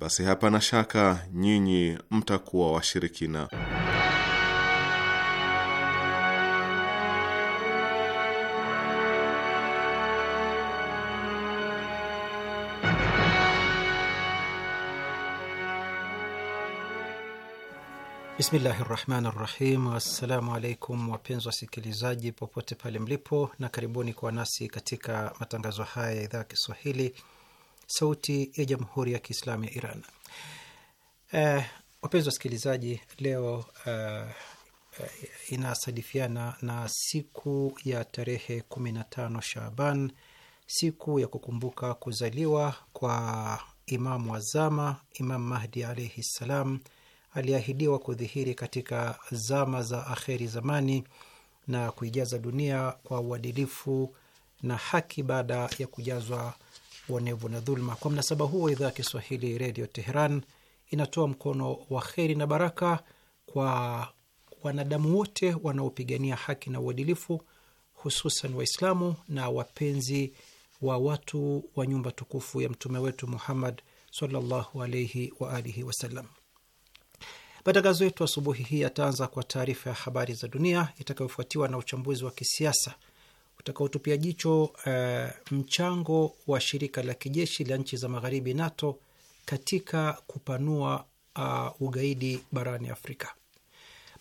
basi hapana shaka nyinyi mtakuwa washirikina. Bismillahi rahmani rahim. Assalamu alaikum wapenzi wasikilizaji popote pale mlipo, na karibuni kwa nasi katika matangazo haya ya idhaa ya Kiswahili sauti ya jamhuri ya kiislamu ya Iran. Uh, wapenzi wasikilizaji, leo uh, inasadifiana na siku ya tarehe 15 Shaban, siku ya kukumbuka kuzaliwa kwa Imamu wazama Imam Mahdi alaihi ssalam, aliahidiwa kudhihiri katika zama za akheri zamani na kuijaza dunia kwa uadilifu na haki baada ya kujazwa uonevu na dhuluma. Kwa mnasaba huo, idhaa ya Kiswahili Redio Teheran inatoa mkono wa kheri na baraka kwa wanadamu wote wanaopigania haki na uadilifu, hususan Waislamu na wapenzi wa watu wa nyumba tukufu ya mtume wetu Muhammad sallallahu alaihi wa alihi wasallam. Matangazo yetu asubuhi hii yataanza kwa taarifa ya habari za dunia itakayofuatiwa na uchambuzi wa kisiasa utakaotupia jicho uh, mchango wa shirika la kijeshi la nchi za magharibi NATO katika kupanua uh, ugaidi barani Afrika.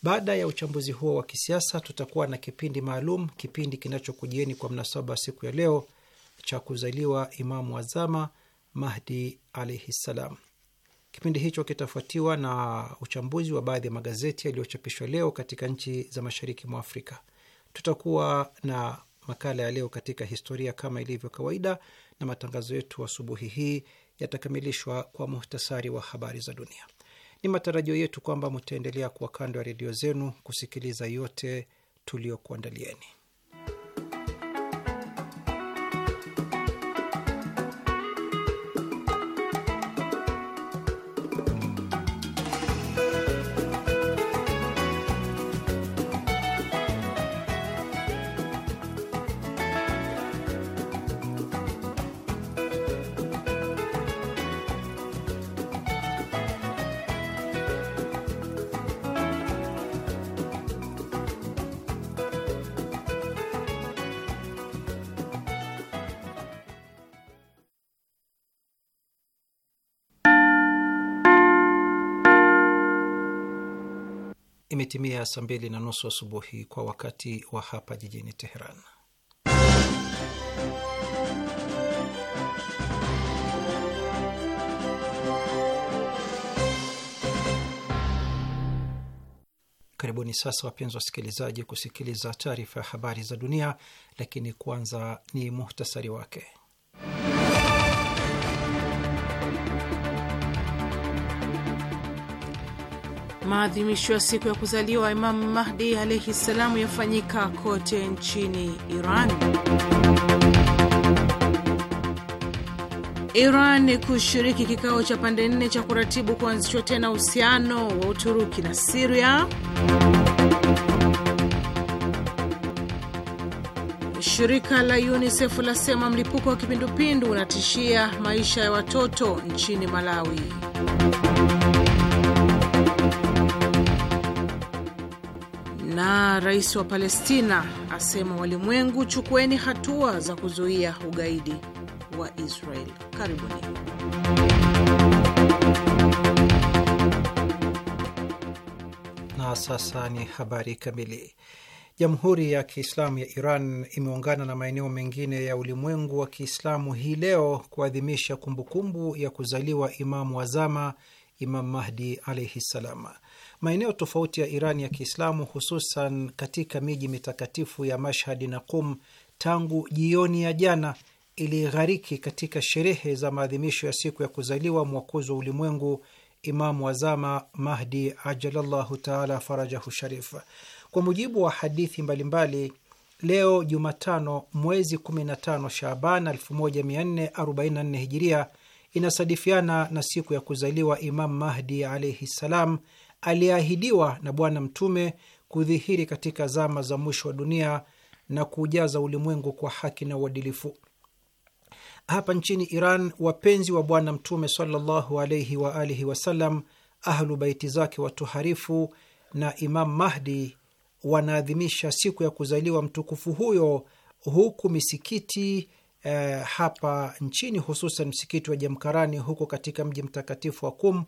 Baada ya uchambuzi huo wa kisiasa, tutakuwa na kipindi maalum, kipindi kinachokujieni kwa mnasaba siku ya leo cha kuzaliwa Imamu Azama Mahdi alaihi ssalam. Kipindi hicho kitafuatiwa na uchambuzi wa baadhi ya magazeti ya magazeti yaliyochapishwa leo katika nchi za mashariki mwa Afrika. Tutakuwa na makala ya leo katika historia kama ilivyo kawaida, na matangazo yetu asubuhi hii yatakamilishwa kwa muhtasari wa habari za dunia. Ni matarajio yetu kwamba mtaendelea kuwa kando ya redio zenu kusikiliza yote tuliokuandalieni. imetimia saa mbili na nusu asubuhi wa kwa wakati wa hapa jijini Teheran. Karibuni sasa wapenzi wasikilizaji, kusikiliza taarifa ya habari za dunia, lakini kwanza ni muhtasari wake. Maadhimisho ya siku ya kuzaliwa Imamu Mahdi alaihi ssalamu yafanyika kote nchini Iran. Iran kushiriki kikao cha pande nne cha kuratibu kuanzishwa tena uhusiano wa Uturuki na Siria. Shirika la UNICEF lasema mlipuko wa kipindupindu unatishia maisha ya watoto nchini Malawi. Na rais wa Palestina asema walimwengu, chukueni hatua za kuzuia ugaidi wa Israel. Karibuni. Na sasa ni habari kamili. Jamhuri ya Kiislamu ya Iran imeungana na maeneo mengine ya ulimwengu wa Kiislamu hii leo kuadhimisha kumbukumbu ya kuzaliwa Imamu wazama Imam Mahdi alaihi ssalam. Maeneo tofauti ya Iran ya Kiislamu, hususan katika miji mitakatifu ya mashhadi na Qum, tangu jioni ya jana ilighariki katika sherehe za maadhimisho ya siku ya kuzaliwa mwakuzi wa ulimwengu Imamu wazama Mahdi ajalallahu taala farajahu sharif. Kwa mujibu wa hadithi mbalimbali, leo Jumatano mwezi 15 Shaban 1444 Hijiria inasadifiana na siku ya kuzaliwa Imamu Mahdi alaihi ssalam aliyeahidiwa na Bwana Mtume kudhihiri katika zama za mwisho wa dunia na kuujaza ulimwengu kwa haki na uadilifu. Hapa nchini Iran, wapenzi wa Bwana Mtume sallallahu alaihi wa alihi wasallam, ahlu baiti zake watuharifu na Imam Mahdi wanaadhimisha siku ya kuzaliwa mtukufu huyo huku misikiti eh, hapa nchini hususan msikiti wa Jamkarani huko katika mji mtakatifu wa Kum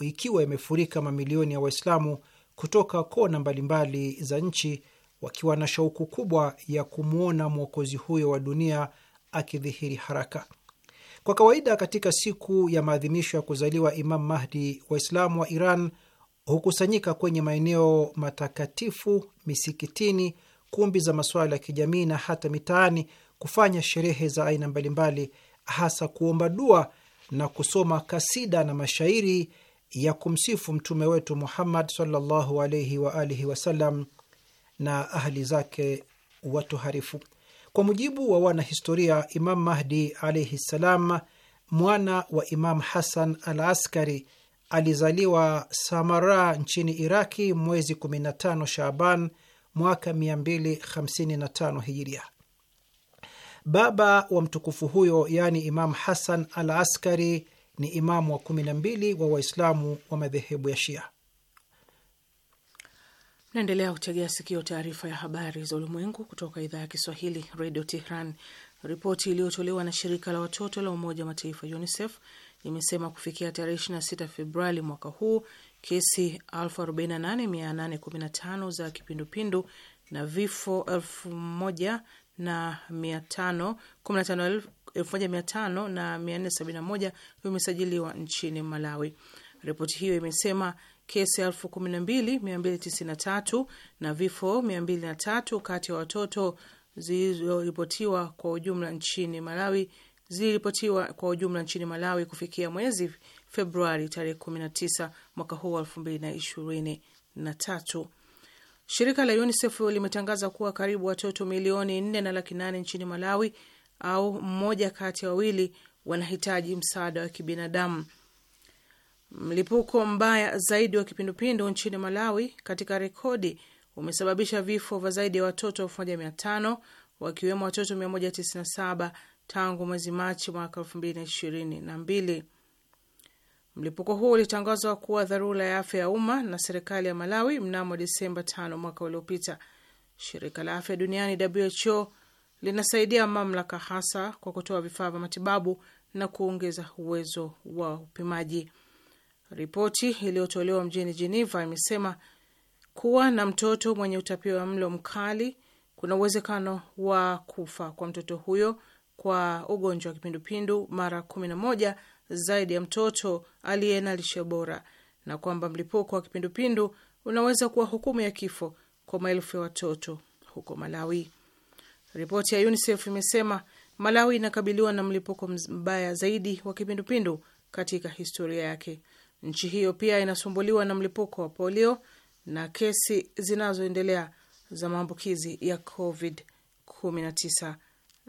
ikiwa imefurika mamilioni ya Waislamu kutoka kona mbalimbali za nchi wakiwa na shauku kubwa ya kumwona mwokozi huyo wa dunia akidhihiri haraka. Kwa kawaida katika siku ya maadhimisho ya kuzaliwa Imam Mahdi, Waislamu wa Iran hukusanyika kwenye maeneo matakatifu, misikitini, kumbi za masuala ya kijamii na hata mitaani kufanya sherehe za aina mbalimbali, hasa kuomba dua na kusoma kasida na mashairi ya kumsifu mtume wetu Muhammad sallallahu alaihi wa alihi wasallam na ahli zake watoharifu. Kwa mujibu wa wanahistoria, Imam Mahdi alaihi ssalam, mwana wa Imam Hasan al Askari, alizaliwa Samara nchini Iraki mwezi 15 Shaban mwaka 255 Hijiria. Baba wa mtukufu huyo, yaani Imam Hasan al Askari ni imamu wa kumi na mbili wa Waislamu wa madhehebu ya Shia. Naendelea kutegea sikio taarifa ya habari za ulimwengu kutoka idhaa ya Kiswahili redio Tehran. Ripoti iliyotolewa na shirika la watoto la Umoja wa Mataifa UNICEF imesema kufikia tarehe 26 Februari mwaka huu kesi 48815 za kipindupindu na vifo 1515 1500 na vimesajiliwa nchini Malawi. Ripoti hiyo imesema kesi 12293 na vifo 23 kati ya watoto zilizoripotiwa kwa ujumla nchini Malawi ziliripotiwa kwa ujumla nchini Malawi kufikia mwezi Februari tarehe 19 mwaka huu wa 2023. Shirika la UNICEF limetangaza kuwa karibu watoto milioni 4 na laki 8 nchini Malawi au mmoja kati ya wawili wanahitaji msaada wa kibinadamu. Mlipuko mbaya zaidi wa kipindupindu nchini Malawi katika rekodi umesababisha vifo vya zaidi ya watoto elfu moja mia tano wakiwemo watoto 197 tangu mwezi Machi mwaka mbili. Mlipuko huu ulitangazwa kuwa dharura ya afya ya umma na serikali ya Malawi mnamo Desemba 5 mwaka uliopita. Shirika la afya duniani WHO linasaidia mamlaka hasa kwa kutoa vifaa vya matibabu na kuongeza uwezo wa upimaji. Ripoti iliyotolewa mjini Geneva imesema kuwa na mtoto mwenye utapio wa mlo mkali kuna uwezekano wa kufa kwa mtoto huyo kwa ugonjwa wa kipindupindu mara kumi na moja zaidi ya mtoto aliye na lishe bora, na kwamba mlipuko wa kipindupindu unaweza kuwa hukumu ya kifo kwa maelfu ya watoto huko Malawi. Ripoti ya UNICEF imesema Malawi inakabiliwa na mlipuko mbaya zaidi wa kipindupindu katika historia yake. Nchi hiyo pia inasumbuliwa na mlipuko wa polio na kesi zinazoendelea za maambukizi ya COVID-19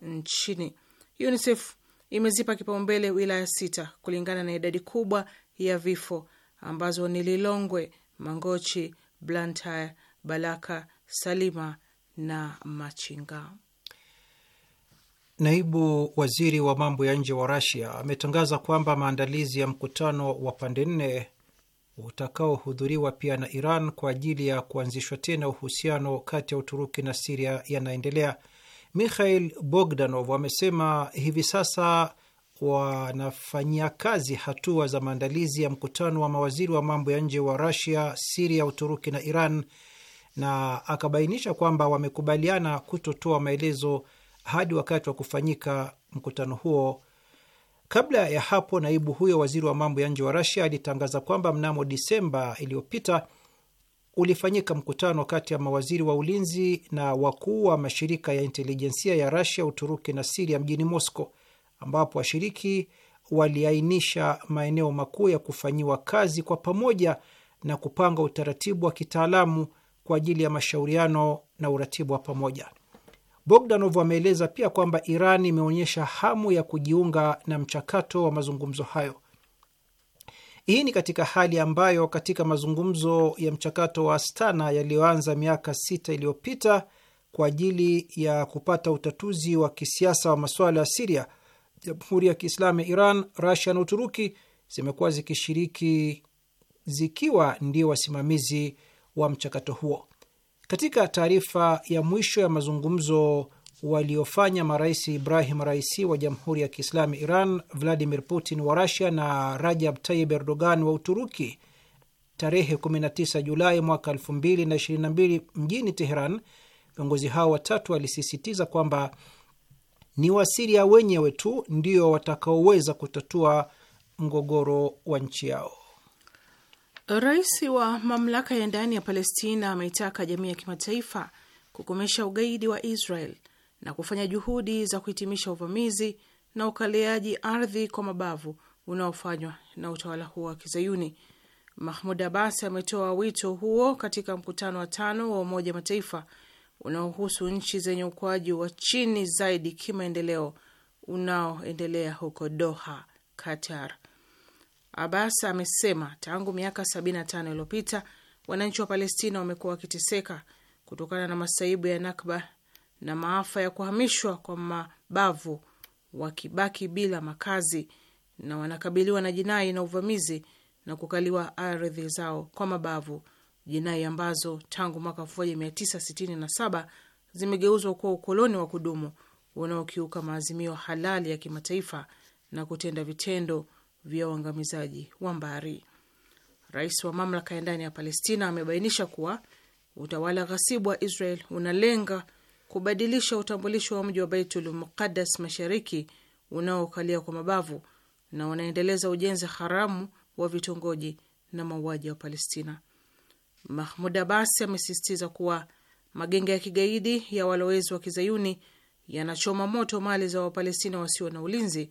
nchini. UNICEF imezipa kipaumbele wilaya sita kulingana na idadi kubwa ya vifo ambazo ni Lilongwe, Mangochi, Blantyre, Balaka, Salima na Machinga. Naibu waziri wa mambo ya nje wa Rasia ametangaza kwamba maandalizi ya mkutano wa pande nne utakaohudhuriwa pia na Iran kwa ajili ya kuanzishwa tena uhusiano kati ya Uturuki na Siria yanaendelea. Mikhail Bogdanov amesema hivi sasa wanafanyia kazi hatua za maandalizi ya mkutano wa mawaziri wa mambo ya nje wa Rasia, Siria, Uturuki na Iran, na akabainisha kwamba wamekubaliana kutotoa maelezo hadi wakati wa kufanyika mkutano huo. Kabla ya hapo, naibu huyo waziri wa mambo ya nje wa Rasia alitangaza kwamba mnamo Disemba iliyopita ulifanyika mkutano kati ya mawaziri wa ulinzi na wakuu wa mashirika ya intelijensia ya Rasia, Uturuki na Siria mjini Mosco, ambapo washiriki waliainisha maeneo makuu ya kufanyiwa kazi kwa pamoja na kupanga utaratibu wa kitaalamu kwa ajili ya mashauriano na uratibu wa pamoja. Bogdanov ameeleza pia kwamba Iran imeonyesha hamu ya kujiunga na mchakato wa mazungumzo hayo. Hii ni katika hali ambayo katika mazungumzo ya mchakato wa Astana yaliyoanza miaka sita iliyopita kwa ajili ya kupata utatuzi wa kisiasa wa masuala ya Siria, Jamhuri ya Kiislamu ya Iran, Rasia na Uturuki zimekuwa zikishiriki zikiwa ndio wasimamizi wa mchakato huo. Katika taarifa ya mwisho ya mazungumzo waliofanya marais Ibrahim Raisi wa Jamhuri ya Kiislamu Iran, Vladimir Putin wa Rusia na Rajab Tayyip Erdogan wa Uturuki tarehe 19 Julai mwaka 2022 mjini Teheran, viongozi hao watatu walisisitiza kwamba ni Wasiria wenyewe tu ndio watakaoweza kutatua mgogoro wa nchi yao. Rais wa mamlaka ya ndani ya Palestina ameitaka jamii ya kimataifa kukomesha ugaidi wa Israel na kufanya juhudi za kuhitimisha uvamizi na ukaliaji ardhi kwa mabavu unaofanywa na utawala huo wa Kizayuni. Mahmud Abbas ametoa wito huo katika mkutano wa tano wa Umoja Mataifa unaohusu nchi zenye ukuaji wa chini zaidi kimaendeleo unaoendelea huko Doha, Qatar. Abbas amesema tangu miaka 75 iliyopita wananchi wa Palestina wamekuwa wakiteseka kutokana na masaibu ya Nakba na maafa ya kuhamishwa kwa mabavu, wakibaki bila makazi na wanakabiliwa na jinai na uvamizi na kukaliwa ardhi zao kwa mabavu, jinai ambazo tangu mwaka 1967 zimegeuzwa kuwa ukoloni wa kudumu unaokiuka maazimio halali ya kimataifa na kutenda vitendo vya uangamizaji wa mbari. Rais wa mamlaka ya ndani ya Palestina amebainisha kuwa utawala ghasibu wa Israel unalenga kubadilisha utambulisho wa mji wa Baitul Muqaddas mashariki unaokalia kwa mabavu na unaendeleza ujenzi haramu wa vitongoji na mauaji wa Palestina. Mahmud Abbas amesisitiza kuwa magenge ya kigaidi ya walowezi wa kizayuni yanachoma moto mali za Wapalestina wasio na ulinzi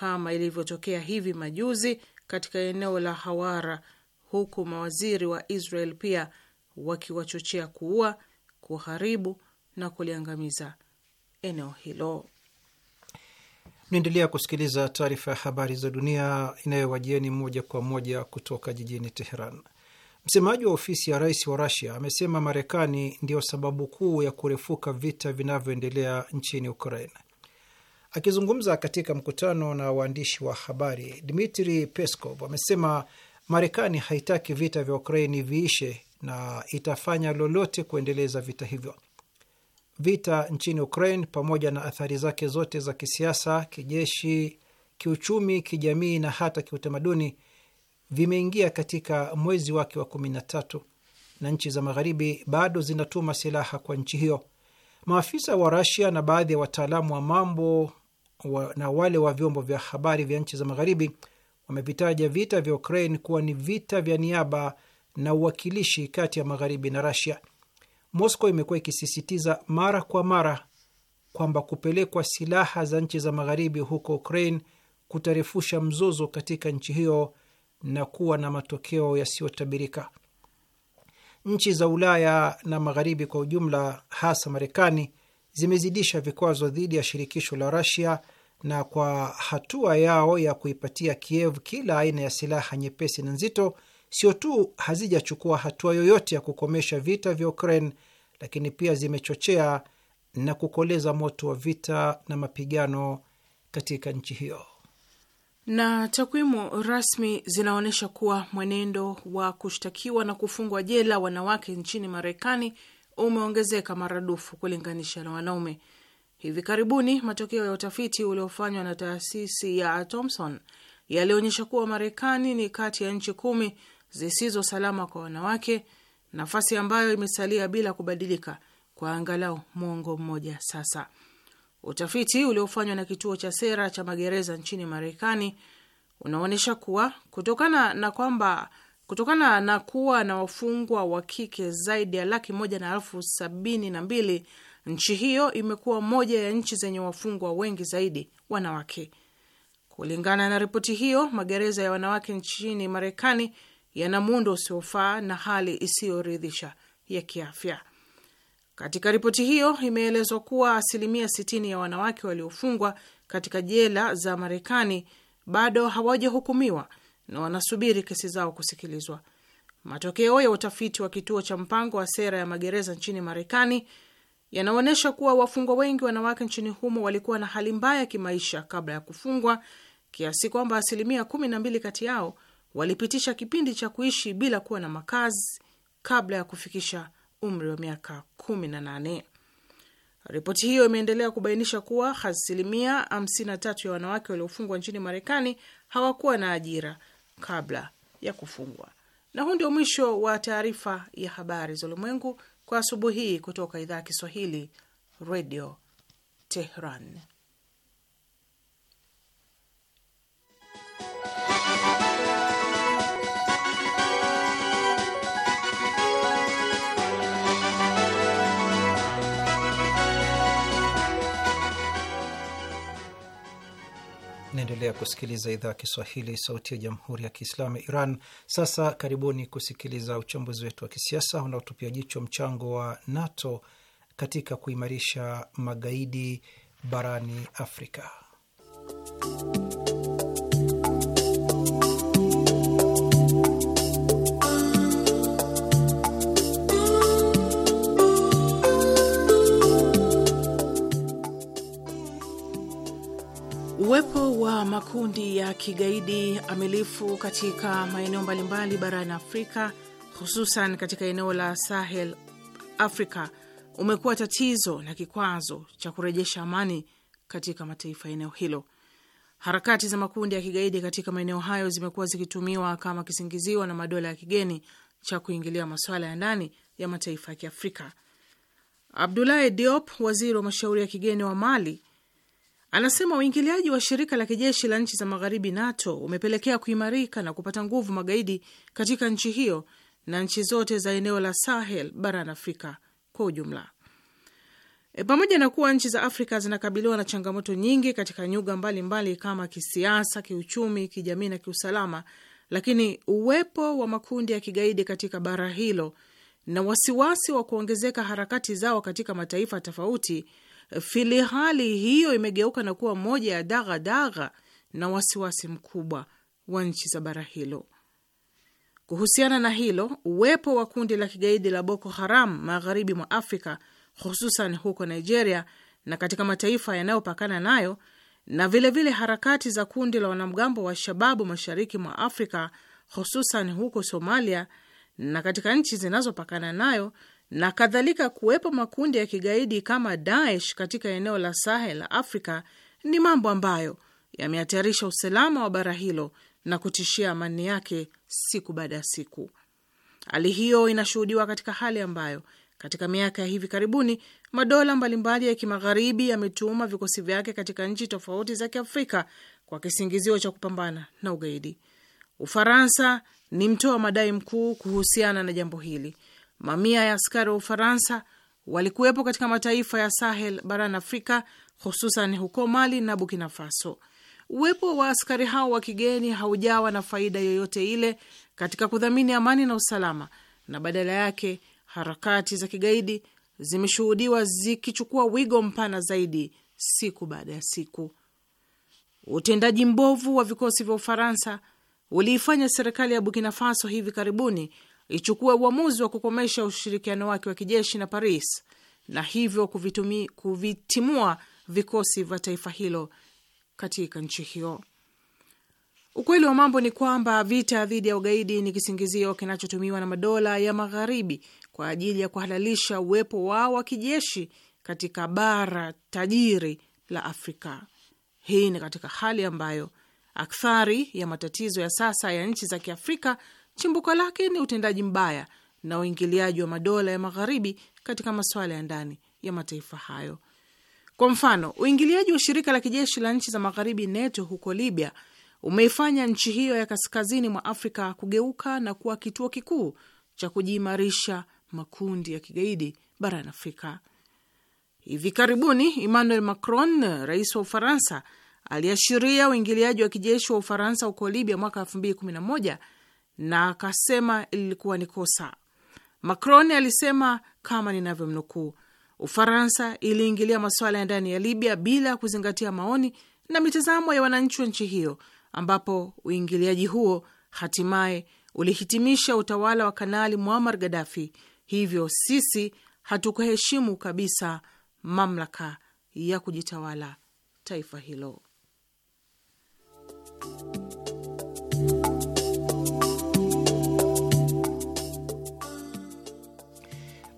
kama ilivyotokea hivi majuzi katika eneo la Hawara, huku mawaziri wa Israel pia wakiwachochea kuua, kuharibu na kuliangamiza eneo hilo. naendelea kusikiliza taarifa ya habari za dunia inayowajieni moja kwa moja kutoka jijini Teheran. Msemaji wa ofisi ya rais wa Rusia amesema Marekani ndiyo sababu kuu ya kurefuka vita vinavyoendelea nchini Ukraine. Akizungumza katika mkutano na waandishi wa habari, Dmitri Peskov amesema Marekani haitaki vita vya Ukraini viishe na itafanya lolote kuendeleza vita hivyo. Vita nchini Ukraine pamoja na athari zake zote za kisiasa, kijeshi, kiuchumi, kijamii na hata kiutamaduni vimeingia katika mwezi wake wa kumi na tatu na nchi za magharibi bado zinatuma silaha kwa nchi hiyo Maafisa wa Rasia na baadhi ya wataalamu wa mambo wa, na wale wa vyombo vya habari vya nchi za magharibi wamevitaja vita vya Ukraine kuwa ni vita vya niaba na uwakilishi kati ya magharibi na Rasia. Moscow imekuwa ikisisitiza mara kwa mara kwamba kupelekwa silaha za nchi za magharibi huko Ukraine kutarefusha mzozo katika nchi hiyo na kuwa na matokeo yasiyotabirika nchi za Ulaya na magharibi kwa ujumla, hasa Marekani, zimezidisha vikwazo dhidi ya shirikisho la Rasia na kwa hatua yao ya kuipatia Kiev kila aina ya silaha nyepesi na nzito, sio tu hazijachukua hatua yoyote ya kukomesha vita vya Ukraine, lakini pia zimechochea na kukoleza moto wa vita na mapigano katika nchi hiyo. Na takwimu rasmi zinaonyesha kuwa mwenendo wa kushtakiwa na kufungwa jela wanawake nchini Marekani umeongezeka maradufu kulinganisha na wanaume. Hivi karibuni matokeo ya utafiti uliofanywa na taasisi ya Thomson yalionyesha kuwa Marekani ni kati ya nchi kumi zisizo salama kwa wanawake, nafasi ambayo imesalia bila kubadilika kwa angalau mwongo mmoja sasa. Utafiti uliofanywa na kituo cha sera cha magereza nchini Marekani unaonyesha kuwa kutokana na kwamba kutokana na kuwa na wafungwa wa kike zaidi ya laki moja na elfu sabini na mbili nchi hiyo imekuwa moja ya nchi zenye wafungwa wengi zaidi wanawake. Kulingana na ripoti hiyo, magereza ya wanawake nchini Marekani yana muundo usiofaa na hali isiyoridhisha ya kiafya. Katika ripoti hiyo imeelezwa kuwa asilimia 60 ya wanawake waliofungwa katika jela za Marekani bado hawajahukumiwa na wanasubiri kesi zao kusikilizwa. Matokeo ya utafiti wa kituo cha mpango wa sera ya magereza nchini Marekani yanaonyesha kuwa wafungwa wengi wanawake nchini humo walikuwa na hali mbaya ya kimaisha kabla ya kufungwa, kiasi kwamba asilimia 12 kati yao walipitisha kipindi cha kuishi bila kuwa na makazi kabla ya kufikisha umri wa miaka 18. Ripoti hiyo imeendelea kubainisha kuwa asilimia 53 ya wanawake waliofungwa nchini Marekani hawakuwa na ajira kabla ya kufungwa. Na huu ndio mwisho wa taarifa ya habari za ulimwengu kwa asubuhi hii kutoka idhaa ya Kiswahili, Radio Tehran. Naendelea kusikiliza idhaa ya Kiswahili, sauti ya jamhuri ya kiislamu ya Iran. Sasa karibuni kusikiliza uchambuzi wetu wa kisiasa unaotupia jicho mchango wa NATO katika kuimarisha magaidi barani Afrika. Uwepo wa makundi ya kigaidi amilifu katika maeneo mbalimbali barani Afrika, hususan katika eneo la Sahel Afrika, umekuwa tatizo na kikwazo cha kurejesha amani katika mataifa ya eneo hilo. Harakati za makundi ya kigaidi katika maeneo hayo zimekuwa zikitumiwa kama kisingiziwa na madola ya kigeni cha kuingilia masuala ya ndani ya mataifa ya Kiafrika. Abdoulaye Diop, waziri wa mashauri ya kigeni wa Mali, Anasema uingiliaji wa shirika la kijeshi la nchi za magharibi NATO umepelekea kuimarika na kupata nguvu magaidi katika nchi hiyo na nchi zote za eneo la Sahel barani Afrika kwa ujumla. E, pamoja na kuwa nchi za Afrika zinakabiliwa na changamoto nyingi katika nyuga mbalimbali mbali kama kisiasa, kiuchumi, kijamii na kiusalama, lakini uwepo wa makundi ya kigaidi katika bara hilo na wasiwasi wa kuongezeka harakati zao katika mataifa tofauti Filihali hiyo imegeuka na kuwa moja ya dagadaga na wasiwasi mkubwa wa nchi za bara hilo. Kuhusiana na hilo, uwepo wa kundi la kigaidi la Boko Haram magharibi mwa Afrika, hususan huko Nigeria na katika mataifa yanayopakana nayo, na vilevile vile harakati za kundi la wanamgambo wa Shababu mashariki mwa Afrika, hususan huko Somalia na katika nchi zinazopakana nayo na kadhalika, kuwepo makundi ya kigaidi kama Daesh katika eneo la Sahel la Afrika ni mambo ambayo yamehatarisha usalama wa bara hilo na kutishia amani yake siku baada ya siku. Hali hiyo inashuhudiwa katika hali ambayo katika miaka ya hivi karibuni madola mbalimbali ya kimagharibi yametuma vikosi vyake katika nchi tofauti za Kiafrika kwa kisingizio cha kupambana na ugaidi. Ufaransa ni mtoa madai mkuu kuhusiana na jambo hili. Mamia ya askari wa Ufaransa walikuwepo katika mataifa ya Sahel barani Afrika, hususan huko Mali na Burkina Faso. Uwepo wa askari hao wa kigeni haujawa na faida yoyote ile katika kudhamini amani na usalama, na badala yake harakati za kigaidi zimeshuhudiwa zikichukua wigo mpana zaidi siku baada ya siku. Utendaji mbovu wa vikosi vya Ufaransa uliifanya serikali ya Burkina Faso hivi karibuni ichukue uamuzi wa kukomesha ushirikiano wake wa kijeshi na Paris na hivyo kuvitumi, kuvitimua vikosi vya taifa hilo katika nchi hiyo. Ukweli wa mambo ni kwamba vita dhidi ya ugaidi ni kisingizio kinachotumiwa na madola ya Magharibi kwa ajili ya kuhalalisha uwepo wao wa kijeshi katika bara tajiri la Afrika. Hii ni katika hali ambayo akthari ya matatizo ya sasa ya nchi za Kiafrika chimbuko lake ni utendaji mbaya na uingiliaji wa madola ya magharibi katika masuala ya ndani ya mataifa hayo. Kwa mfano, uingiliaji wa shirika la kijeshi la nchi za magharibi NATO huko Libya umeifanya nchi hiyo ya kaskazini mwa Afrika kugeuka na kuwa kituo kikuu cha kujiimarisha makundi ya kigaidi barani Afrika. Hivi karibuni Emmanuel Macron, rais wa Ufaransa, aliashiria uingiliaji wa kijeshi wa Ufaransa huko Libya mwaka 2011 na akasema lilikuwa ni kosa. Macron alisema kama ninavyomnukuu, Ufaransa iliingilia masuala ya ndani ya Libya bila kuzingatia maoni na mitazamo ya wananchi wa nchi hiyo, ambapo uingiliaji huo hatimaye ulihitimisha utawala wa Kanali Muammar Gaddafi. Hivyo sisi hatukuheshimu kabisa mamlaka ya kujitawala taifa hilo.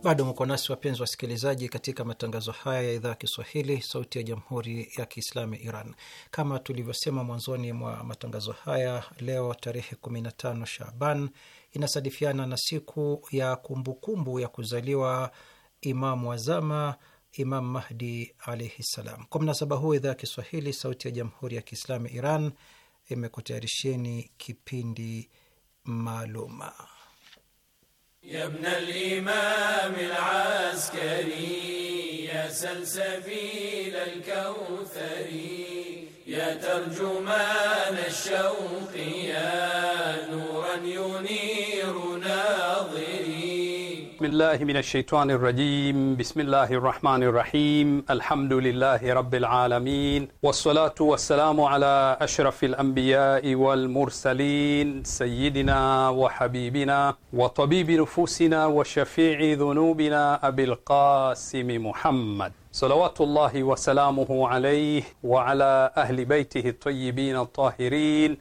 Bado mko nasi wapenzi wasikilizaji, katika matangazo haya ya idhaa ya Kiswahili, sauti ya jamhuri ya kiislamu ya Iran. Kama tulivyosema mwanzoni mwa matangazo haya, leo tarehe 15 Shaban inasadifiana na siku ya kumbukumbu kumbu ya kuzaliwa Imamu wazama Imam Mahdi alaihi ssalam. Kwa mnasaba huu, idhaa ya Kiswahili, sauti ya jamhuri ya kiislamu ya Iran imekutayarisheni kipindi maalum يا ابن الإمام العسكري يا سلسبيل الكوثري يا ترجمان الشوق يا نورا ينير بسم الله من الشيطان الرجيم بسم الله الرحمن الرحيم الحمد لله رب العالمين والصلاة والسلام على أشرف الأنبياء والمرسلين سيدنا وحبيبنا وطبيب نفوسنا وشفيع ذنوبنا أبي القاسم محمد salawatullahi wasalamuhu alayhi wa ala ahli baitihi tayyibin at-tahirin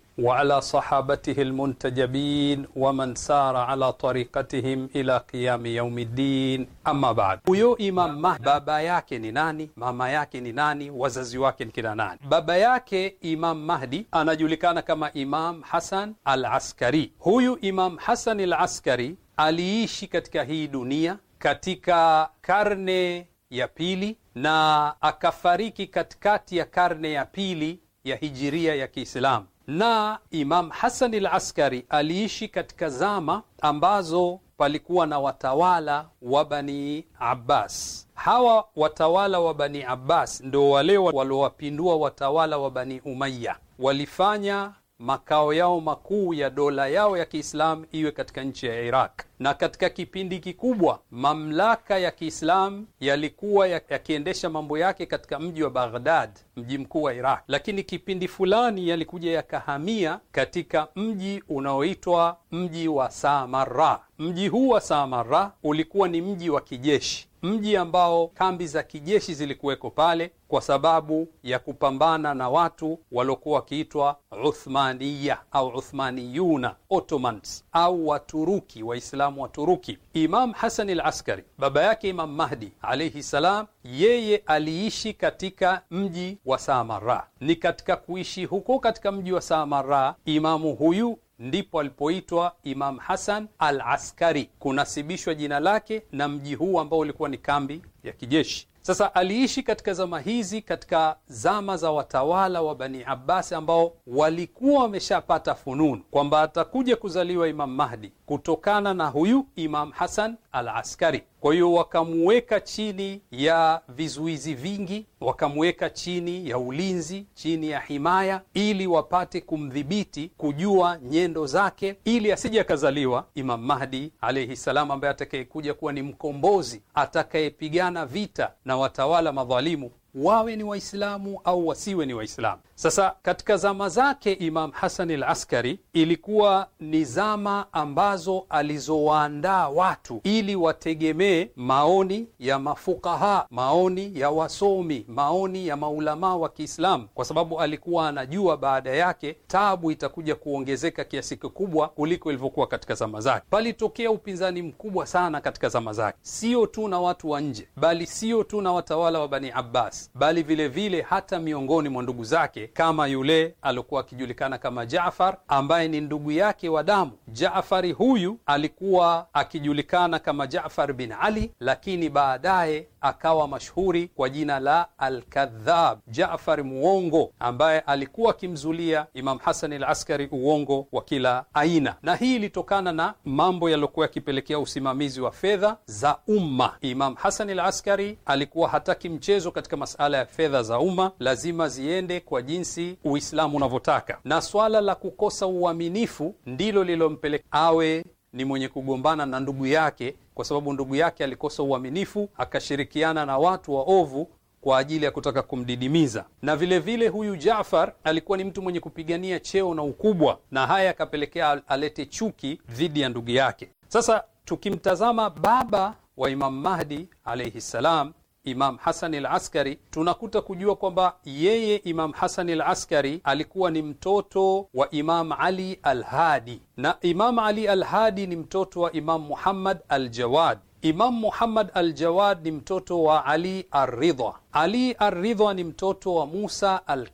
sahabatihi almuntajabin wa sara ala tariqatihim ila qiyami yaumiddin, amma baad. Huyo Imam Mahdi baba yake ni nani? Mama yake ni nani? Wazazi wake ni kina nani? Baba yake Imam Mahdi anajulikana kama Imam Hasan al-Askari. Huyu Imam Hasan al-Askari aliishi katika hii dunia katika karne ya pili na akafariki katikati ya karne ya pili ya hijiria ya Kiislamu. Na Imam Hasan al Askari aliishi katika zama ambazo palikuwa na watawala wa Bani Abbas. Hawa watawala wa Bani Abbas ndo wale waliowapindua watawala wa Bani Umayya, walifanya makao yao makuu ya dola yao ya Kiislamu iwe katika nchi ya Iraq. Na katika kipindi kikubwa mamlaka ya Kiislamu yalikuwa yakiendesha mambo yake katika mji wa Baghdad, mji mkuu wa Iraq, lakini kipindi fulani yalikuja yakahamia katika mji unaoitwa mji wa Samarra. Mji huu wa Samarra ulikuwa ni mji wa kijeshi mji ambao kambi za kijeshi zilikuweko pale kwa sababu ya kupambana na watu waliokuwa wakiitwa Uthmaniya au Uthmaniyuna, Ottomans au Waturuki, Waislamu Waturuki. Imam Hasan al Askari, baba yake Imam Mahdi alaihi ssalam yeye aliishi katika mji wa Samara. Ni katika kuishi huko katika mji wa Samara, imamu huyu ndipo alipoitwa Imam Hasan al Askari, kunasibishwa jina lake na mji huu ambao ulikuwa ni kambi ya kijeshi. Sasa aliishi katika zama hizi, katika zama za watawala wa Bani Abbasi ambao walikuwa wameshapata fununu kwamba atakuja kuzaliwa Imam Mahdi kutokana na huyu Imam Hasan al Askari. Kwa hiyo wakamuweka chini ya vizuizi vingi, wakamuweka chini ya ulinzi, chini ya himaya, ili wapate kumdhibiti, kujua nyendo zake, ili asije akazaliwa Imam Mahdi alaihi ssalam ambaye atakayekuja kuwa ni mkombozi atakayepigana vita na watawala madhalimu wawe ni Waislamu au wasiwe ni Waislamu. Sasa katika zama zake Imam Hasan al Askari ilikuwa ni zama ambazo alizowaandaa watu ili wategemee maoni ya mafukaha, maoni ya wasomi, maoni ya maulamaa wa Kiislamu, kwa sababu alikuwa anajua baada yake tabu itakuja kuongezeka kiasi kikubwa kuliko ilivyokuwa katika zama zake. Palitokea upinzani mkubwa sana katika zama zake, sio tu na watu wa nje, bali sio tu na watawala wa Bani Abbas Abbas, bali vile vile hata miongoni mwa ndugu zake kama yule aliokuwa akijulikana kama Jaafar ambaye ni ndugu yake wa damu. Jaafari huyu alikuwa akijulikana kama Jaafar bin Ali, lakini baadaye akawa mashhuri kwa jina la Alkadhab, Jafar muongo, ambaye alikuwa akimzulia Imam Hasan al Askari uongo wa kila aina, na hii ilitokana na mambo yaliyokuwa yakipelekea usimamizi wa fedha za umma. Imam Hasan al Askari alikuwa hataki mchezo katika masala ya fedha za umma, lazima ziende kwa jinsi Uislamu unavyotaka, na swala la kukosa uaminifu ndilo lilompeleka awe ni mwenye kugombana na ndugu yake, kwa sababu ndugu yake alikosa uaminifu, akashirikiana na watu wa ovu kwa ajili ya kutaka kumdidimiza. Na vile vile huyu jafar alikuwa ni mtu mwenye kupigania cheo na ukubwa, na haya akapelekea alete chuki dhidi ya ndugu yake. Sasa tukimtazama baba wa Imam Mahdi alaihi ssalam Imam Hasan al Askari, tunakuta kujua kwamba yeye Imam Hasan al Askari alikuwa ni mtoto wa Imam Ali al Hadi, na Imam Ali al Hadi ni mtoto wa Imam Muhammad al Jawad. Imam Muhammad al-Jawad ni mtoto wa Ali ar Ali ar ni mtoto wa Musa al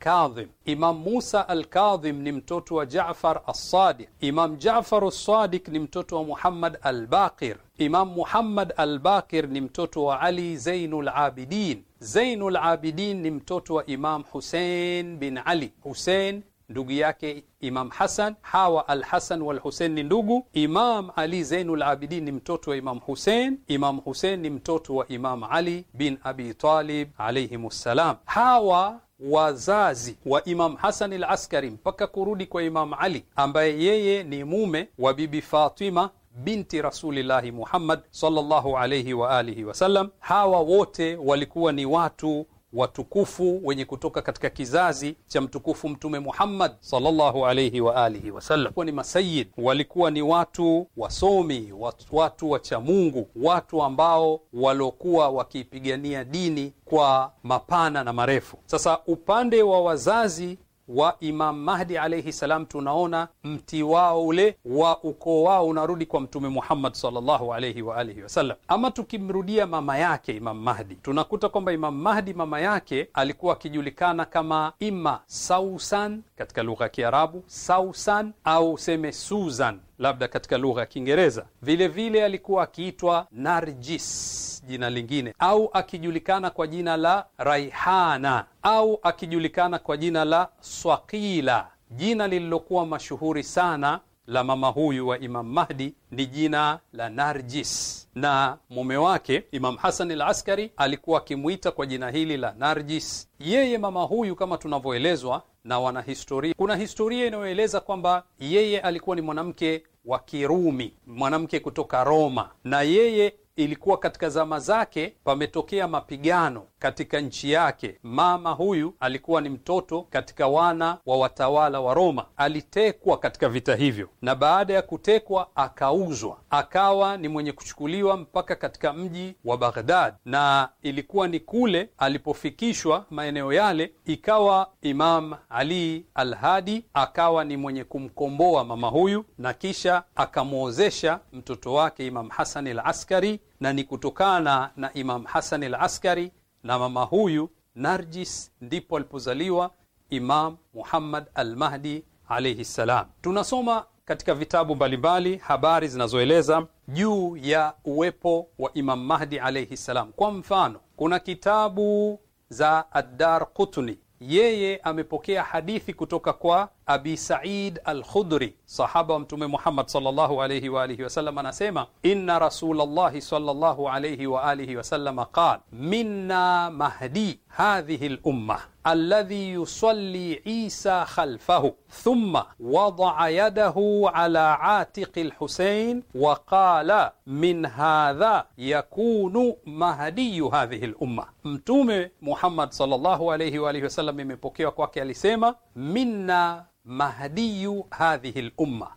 Imam Musa alkadhim ni mtoto wa jafar as Imam jafar as ni mtoto wa Muhammad al-Baqir. Imam Muhammad albakir ni mtoto wa Ali Zainul Abidin. Zainul Abidin ni mtoto wa Imam Hussein bin Ali. Hussein ndugu yake Imam Hasan. Hawa alhasan hasan ni ndugu. Imam Ali Zainul Abidin ni mtoto wa Imam Hussein. Imam Hussein ni mtoto wa Imam Ali bin Abi Talib alayhimus salam. Hawa wazazi wa Imam Hasan al-Askari mpaka kurudi kwa Imam Ali ambaye yeye ni mume wa Bibi Fatima binti rasulillahi Muhammad sallallahu alayhi wa alihi wasallam. Hawa wote walikuwa ni watu watukufu wenye kutoka katika kizazi cha mtukufu Mtume Muhammad sallallahu alayhi wa alihi wasallam. Kuwa ni masayid, walikuwa ni watu wasomi, watu wacha Mungu, watu ambao waliokuwa wakiipigania dini kwa mapana na marefu. Sasa upande wa wazazi wa Imam Mahdi alayhi salam, tunaona mti wao ule wa ukoo wao unarudi kwa Mtume Muhammad sallallahu alaihi wa alihi wasallam. Ama tukimrudia mama yake Imam Mahdi, tunakuta kwamba Imam Mahdi mama yake alikuwa akijulikana kama ima Sausan katika lugha ya Kiarabu, Sausan au seme Susan labda katika lugha ya Kiingereza. Vile vile alikuwa akiitwa Narjis, jina lingine, au akijulikana kwa jina la Raihana au akijulikana kwa jina la swakila Jina lililokuwa mashuhuri sana la mama huyu wa Imam Mahdi ni jina la Narjis, na mume wake Imam Hasan al Askari alikuwa akimwita kwa jina hili la Narjis. Yeye mama huyu kama tunavyoelezwa na wanahistoria. Kuna historia inayoeleza kwamba yeye alikuwa ni mwanamke wa Kirumi, mwanamke kutoka Roma, na yeye ilikuwa katika zama zake pametokea mapigano katika nchi yake. Mama huyu alikuwa ni mtoto katika wana wa watawala wa Roma, alitekwa katika vita hivyo, na baada ya kutekwa akauzwa, akawa ni mwenye kuchukuliwa mpaka katika mji wa Baghdad, na ilikuwa ni kule alipofikishwa maeneo yale, ikawa Imam Ali al-Hadi akawa ni mwenye kumkomboa mama huyu, na kisha akamwozesha mtoto wake Imam hasani al-Askari, na ni kutokana na Imam Hasani al-Askari na mama huyu Narjis ndipo alipozaliwa Imam Muhammad al-Mahdi alayhi salam. Tunasoma katika vitabu mbalimbali habari zinazoeleza juu ya uwepo wa Imam Mahdi alayhi salam. Kwa mfano, kuna kitabu za Ad-Dar Qutni, yeye amepokea hadithi kutoka kwa Abi Said al-Khudri, sahaba wa Mtume Muhammad sallallahu alayhi wa alihi wasallam, anasema inna rasulallahi sallallahu alayhi wa alihi wasallam qala minna mahdi hadhihi al-umma alladhi yusalli Isa khalfahu thumma wada'a yadahu ala atiqi al-Husayn wa qala min hadha yakunu mahdiyu hadhihi al Mtume Muhammad sallallahu alayhi wa alihi wasallam, imepokewa kwake alisema minna mahdiyu hadhihi lumma.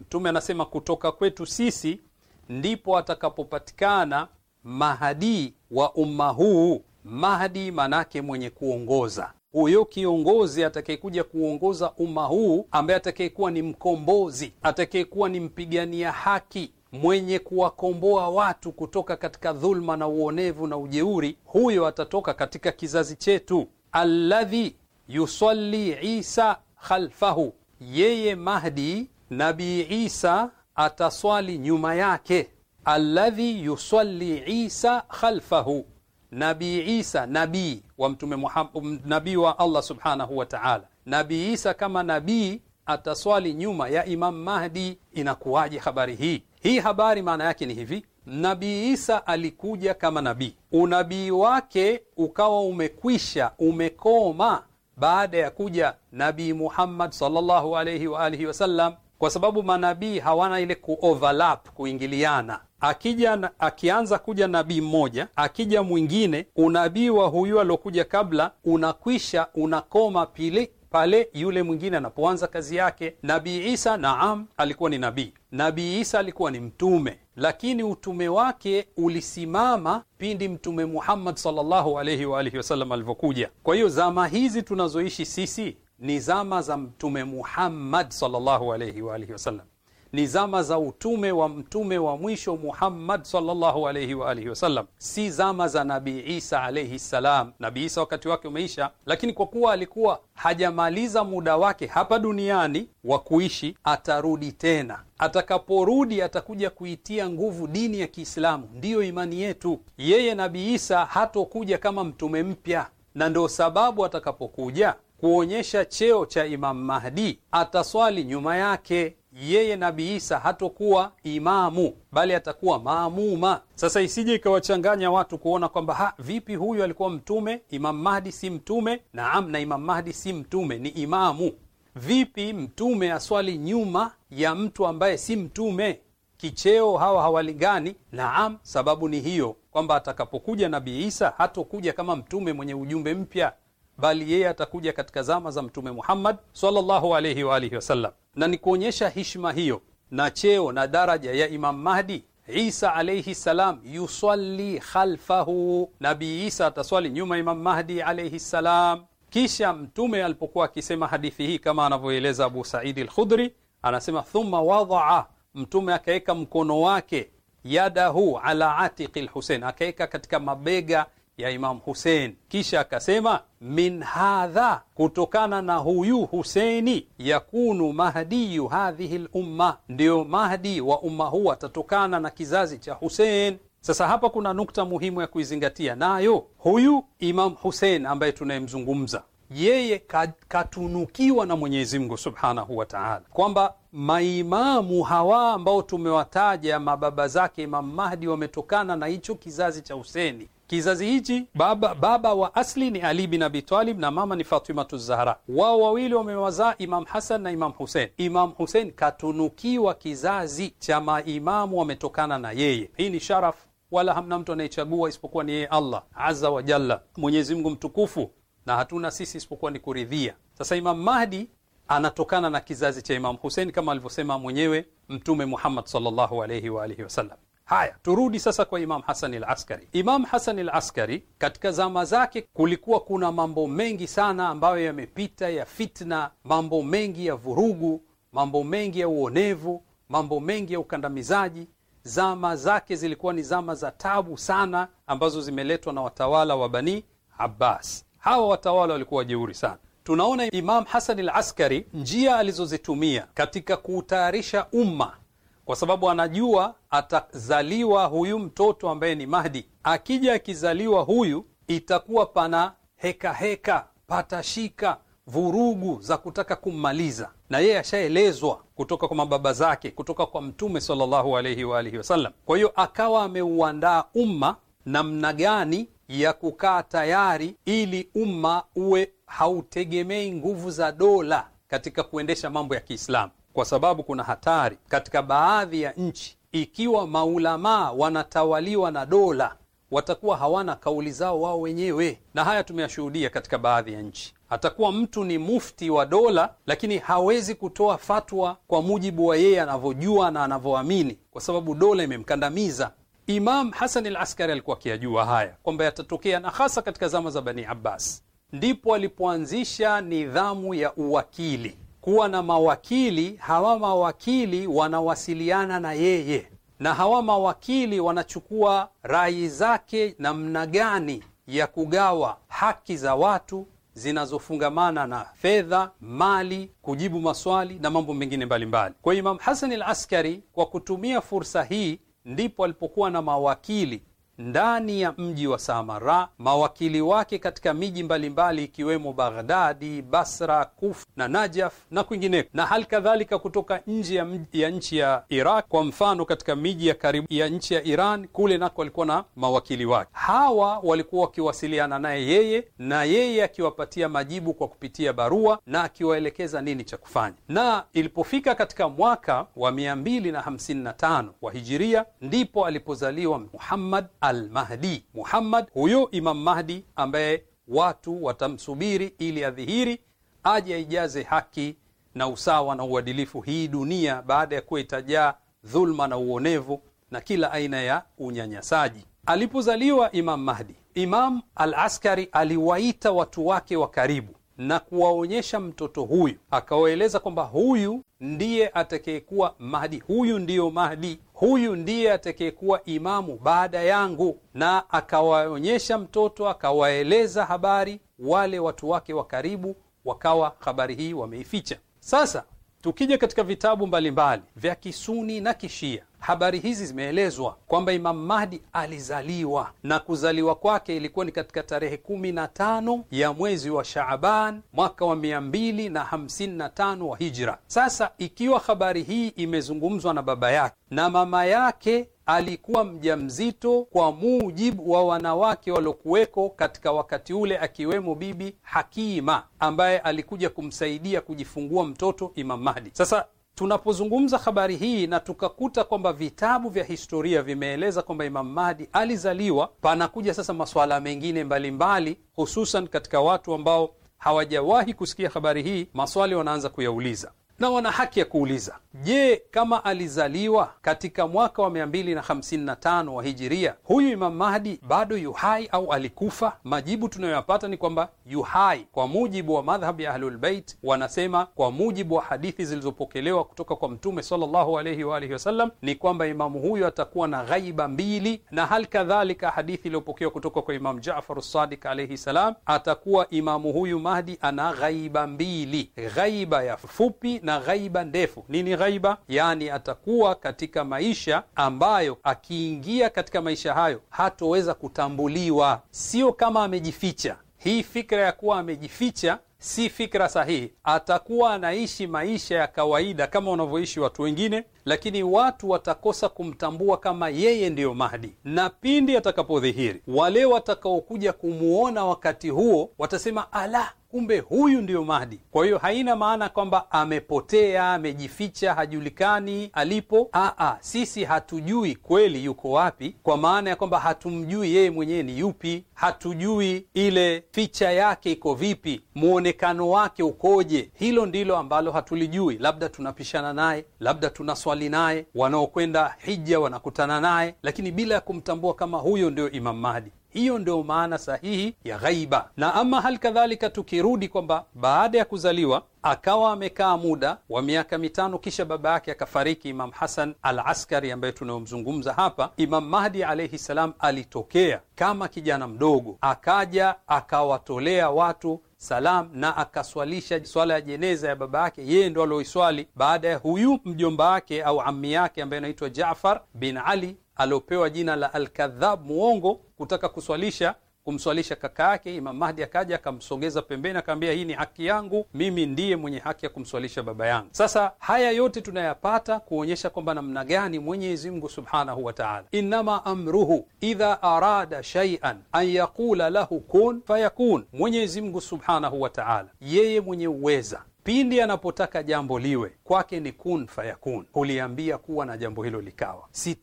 Mtume anasema kutoka kwetu sisi ndipo atakapopatikana mahadi wa umma huu. Mahdi manake mwenye kuongoza, huyo kiongozi atakayekuja kuongoza umma huu, ambaye atakayekuwa ni mkombozi, atakayekuwa ni mpigania haki, mwenye kuwakomboa watu kutoka katika dhulma na uonevu na ujeuri, huyo atatoka katika kizazi chetu. Alladhi yusalli Isa khalfahu, yeye Mahdi Nabii Isa ataswali nyuma yake. Alladhi yusalli Isa khalfahu, Nabii Isa nabii wa Mtume Muhammad, nabii wa Allah subhanahu wa ta'ala. Nabii Isa kama nabii ataswali nyuma ya Imam Mahdi. Inakuwaje habari hii? Hii habari maana yake ni hivi Nabii Isa alikuja kama nabii, unabii wake ukawa umekwisha, umekoma baada ya kuja Nabii Muhammad sallallahu alayhi wa alihi wasallam, kwa sababu manabii hawana ile kuoverlap, kuingiliana. Akija akianza kuja nabii mmoja, akija mwingine, unabii wa huyu aliokuja kabla unakwisha, unakoma pili pale yule mwingine anapoanza kazi yake. Nabii Isa, naam, alikuwa ni nabii. Nabii Isa alikuwa ni mtume lakini utume wake ulisimama pindi Mtume Muhammad sallallahu alayhi wa alihi wasallam alivyokuja. Kwa hiyo zama hizi tunazoishi sisi ni zama za Mtume Muhammad sallallahu alayhi wa alihi wasallam ni zama za utume wa mtume wa mwisho Muhammad sallallahu alayhi wa alihi wasallam, si zama za Nabii Isa alayhi salam. Nabii Isa wakati wake umeisha, lakini kwa kuwa alikuwa hajamaliza muda wake hapa duniani wa kuishi, atarudi tena. Atakaporudi atakuja kuitia nguvu dini ya Kiislamu, ndiyo imani yetu. Yeye Nabii Isa hatokuja kama mtume mpya, na ndio sababu atakapokuja kuonyesha cheo cha Imam Mahdi ataswali nyuma yake yeye Nabii Isa hatokuwa imamu bali atakuwa maamuma. Sasa isije ikawachanganya watu kuona kwamba ha, vipi huyu alikuwa mtume? Imam Mahdi si mtume? Naam, na Imam Mahdi si mtume, ni imamu. Vipi mtume aswali nyuma ya mtu ambaye si mtume? Kicheo hawa hawaligani Naam, sababu ni hiyo kwamba atakapokuja Nabii Isa hatokuja kama mtume mwenye ujumbe mpya, bali yeye atakuja katika zama za Mtume Muhammad sallallahu alayhi wa alihi wasallam na ni kuonyesha hishma hiyo na cheo na daraja ya Imam Mahdi. Isa alayhi salam yusalli khalfahu, nabi Isa ataswali nyuma Imam Mahdi alayhi salam. Kisha Mtume alipokuwa akisema hadithi hii kama anavyoeleza Abu Saidi lkhudri anasema thumma wadaa, Mtume akaweka mkono wake yadahu ala atiqi al akaweka katika mabega ya Imamu Husein, kisha akasema min hadha, kutokana na huyu Huseini yakunu mahdiyu hadhihi lumma, ndiyo mahdi wa umma huu atatokana na kizazi cha Husein. Sasa hapa kuna nukta muhimu ya kuizingatia nayo. Huyu imam Husein ambaye tunayemzungumza yeye katunukiwa na Mwenyezi Mungu subhanahu wa taala kwamba maimamu hawa ambao tumewataja mababa zake Imamu Mahdi wametokana na hicho kizazi cha Huseni. Kizazi hichi baba, baba wa asli ni Ali bin Abi Talib na mama ni Fatimatu Zahra. Wao wawili wamewazaa Imam Hasan na Imam Husein. Imam Husein katunukiwa kizazi cha maimamu wametokana na yeye. Hii ni sharaf, wala hamna mtu anayechagua isipokuwa ni yeye Allah azza wa jalla, Mwenyezi Mungu mtukufu, na hatuna sisi isipokuwa ni kuridhia. Sasa Imam Mahdi anatokana na kizazi cha Imam Husein kama alivyosema mwenyewe Mtume Muhammad sallallahu alayhi wa alihi wasallam. Haya, turudi sasa kwa Imam Hasan al Askari. Imam Hasan al Askari katika zama zake kulikuwa kuna mambo mengi sana ambayo yamepita ya fitna, mambo mengi ya vurugu, mambo mengi ya uonevu, mambo mengi ya ukandamizaji. Zama zake zilikuwa ni zama za tabu sana ambazo zimeletwa na watawala wa Bani Abbas. Hawa watawala walikuwa wajeuri sana. Tunaona Imam Hasan al Askari njia alizozitumia katika kuutayarisha umma kwa sababu anajua atazaliwa huyu mtoto ambaye ni Mahdi. Akija akizaliwa huyu, itakuwa pana hekaheka heka, patashika vurugu za kutaka kummaliza, na yeye ashaelezwa kutoka kwa mababa zake, kutoka kwa Mtume sallallahu alaihi wa alihi wasallam. Kwa hiyo akawa ameuandaa umma namna gani ya kukaa tayari, ili umma uwe hautegemei nguvu za dola katika kuendesha mambo ya Kiislamu kwa sababu kuna hatari katika baadhi ya nchi, ikiwa maulamaa wanatawaliwa na dola, watakuwa hawana kauli zao wao wenyewe, na haya tumeyashuhudia katika baadhi ya nchi. Atakuwa mtu ni mufti wa dola, lakini hawezi kutoa fatwa kwa mujibu wa yeye anavyojua na anavyoamini, kwa sababu dola imemkandamiza. Imam Hasan al Askari alikuwa akiyajua haya kwamba yatatokea, na hasa katika zama za Bani Abbas ndipo alipoanzisha nidhamu ya uwakili kuwa na mawakili. Hawa mawakili wanawasiliana na yeye, na hawa mawakili wanachukua rai zake namna gani ya kugawa haki za watu zinazofungamana na fedha, mali, kujibu maswali na mambo mengine mbalimbali. Kwa hiyo Imam Hasan al Askari, kwa kutumia fursa hii, ndipo alipokuwa na mawakili ndani ya mji wa Samara, mawakili wake katika miji mbalimbali ikiwemo Baghdadi, Basra, kuf na Najaf na kwingineko, na hali kadhalika kutoka nje ya, ya nchi ya Iraq. Kwa mfano katika miji ya karibu ya nchi ya Iran kule nako walikuwa na mawakili wake. Hawa walikuwa wakiwasiliana naye yeye, na yeye akiwapatia majibu kwa kupitia barua na akiwaelekeza nini cha kufanya. Na ilipofika katika mwaka wa 255 wa hijiria ndipo alipozaliwa Muhammad al-Mahdi. Muhammad huyo Imam Mahdi ambaye watu watamsubiri ili adhihiri, aje aijaze haki na usawa na uadilifu hii dunia baada ya kuwa itajaa dhulma na uonevu na kila aina ya unyanyasaji. Alipozaliwa Imam Mahdi, Imam al-Askari aliwaita watu wake wa karibu na kuwaonyesha mtoto huyu, akawaeleza kwamba huyu ndiye atakayekuwa Mahdi, huyu ndiyo Mahdi, huyu ndiye atakayekuwa imamu baada yangu. Na akawaonyesha mtoto, akawaeleza habari, wale watu wake wa karibu wakawa habari hii wameificha. Sasa Tukija katika vitabu mbalimbali vya kisuni na kishia, habari hizi zimeelezwa kwamba Imam Mahdi alizaliwa na kuzaliwa kwake ilikuwa ni katika tarehe kumi na tano ya mwezi wa Shaaban mwaka wa mia mbili na hamsini na tano wa Hijra. Sasa ikiwa habari hii imezungumzwa na baba yake na mama yake alikuwa mjamzito kwa mujibu wa wanawake waliokuweko katika wakati ule, akiwemo Bibi Hakima ambaye alikuja kumsaidia kujifungua mtoto Imam Mahdi. Sasa tunapozungumza habari hii na tukakuta kwamba vitabu vya historia vimeeleza kwamba Imam Mahdi alizaliwa, panakuja sasa masuala mengine mbalimbali mbali, hususan katika watu ambao hawajawahi kusikia habari hii, maswali wanaanza kuyauliza na wana haki ya kuuliza, je, kama alizaliwa katika mwaka wa 255 wa hijiria, huyu Imam Mahdi bado yuhai au alikufa? Majibu tunayoyapata ni kwamba yuhai. Kwa mujibu wa madhhabi ya Ahlulbeit, wanasema kwa mujibu wa hadithi zilizopokelewa kutoka kwa Mtume sallallahu alayhi wa alihi wasallam ni kwamba imamu huyu atakuwa na ghaiba mbili, na hal kadhalika hadithi iliyopokewa kutoka kwa Imamu Jafar Sadiq alayhi salam, atakuwa imamu huyu Mahdi ana ghaiba mbili, ghaiba ya fupi na ghaiba ndefu. Nini ghaiba? Yaani atakuwa katika maisha ambayo akiingia katika maisha hayo hatoweza kutambuliwa, sio kama amejificha. Hii fikra ya kuwa amejificha si fikra sahihi. Atakuwa anaishi maisha ya kawaida kama wanavyoishi watu wengine, lakini watu watakosa kumtambua kama yeye ndiyo Mahdi, na pindi atakapodhihiri, wale watakaokuja kumwona wakati huo watasema ala kumbe huyu ndiyo Mahdi. Kwa hiyo haina maana kwamba amepotea, amejificha, hajulikani alipo. Aa, sisi hatujui kweli yuko wapi, kwa maana ya kwamba hatumjui yeye mwenyewe ni yupi, hatujui ile ficha yake iko vipi, mwonekano wake ukoje. Hilo ndilo ambalo hatulijui, labda tunapishana naye, labda tunaswali naye, wanaokwenda hija wanakutana naye, lakini bila ya kumtambua kama huyo ndio Imam Mahdi. Hiyo ndio maana sahihi ya ghaiba. Na ama hali kadhalika, tukirudi kwamba baada ya kuzaliwa akawa amekaa muda wa miaka mitano, kisha baba yake akafariki, Imam Hasan al Askari ambaye tunayomzungumza hapa. Imam Mahdi alaihi ssalam alitokea kama kijana mdogo, akaja akawatolea watu salam na akaswalisha swala ya jeneza ya baba yake, yeye ndo alioiswali baada ya huyu mjomba wake au ami yake ambaye anaitwa Jafar bin Ali aliopewa jina la Alkadhab, muongo, kutaka kuswalisha kumswalisha kaka yake. Imam Mahdi akaja akamsogeza pembeni, akamwambia hii ni haki yangu, mimi ndiye mwenye haki ya kumswalisha baba yangu. Sasa haya yote tunayapata kuonyesha kwamba namna gani Mwenyezi Mungu Subhanahu wa Ta'ala, innama amruhu idha arada shaian an yaqula lahu kun fayakun. Mwenyezi Mungu Subhanahu wa Ta'ala, yeye mwenye uweza pindi anapotaka jambo liwe kwake ni kun fayakun, huliambia kuwa na jambo hilo likawa, si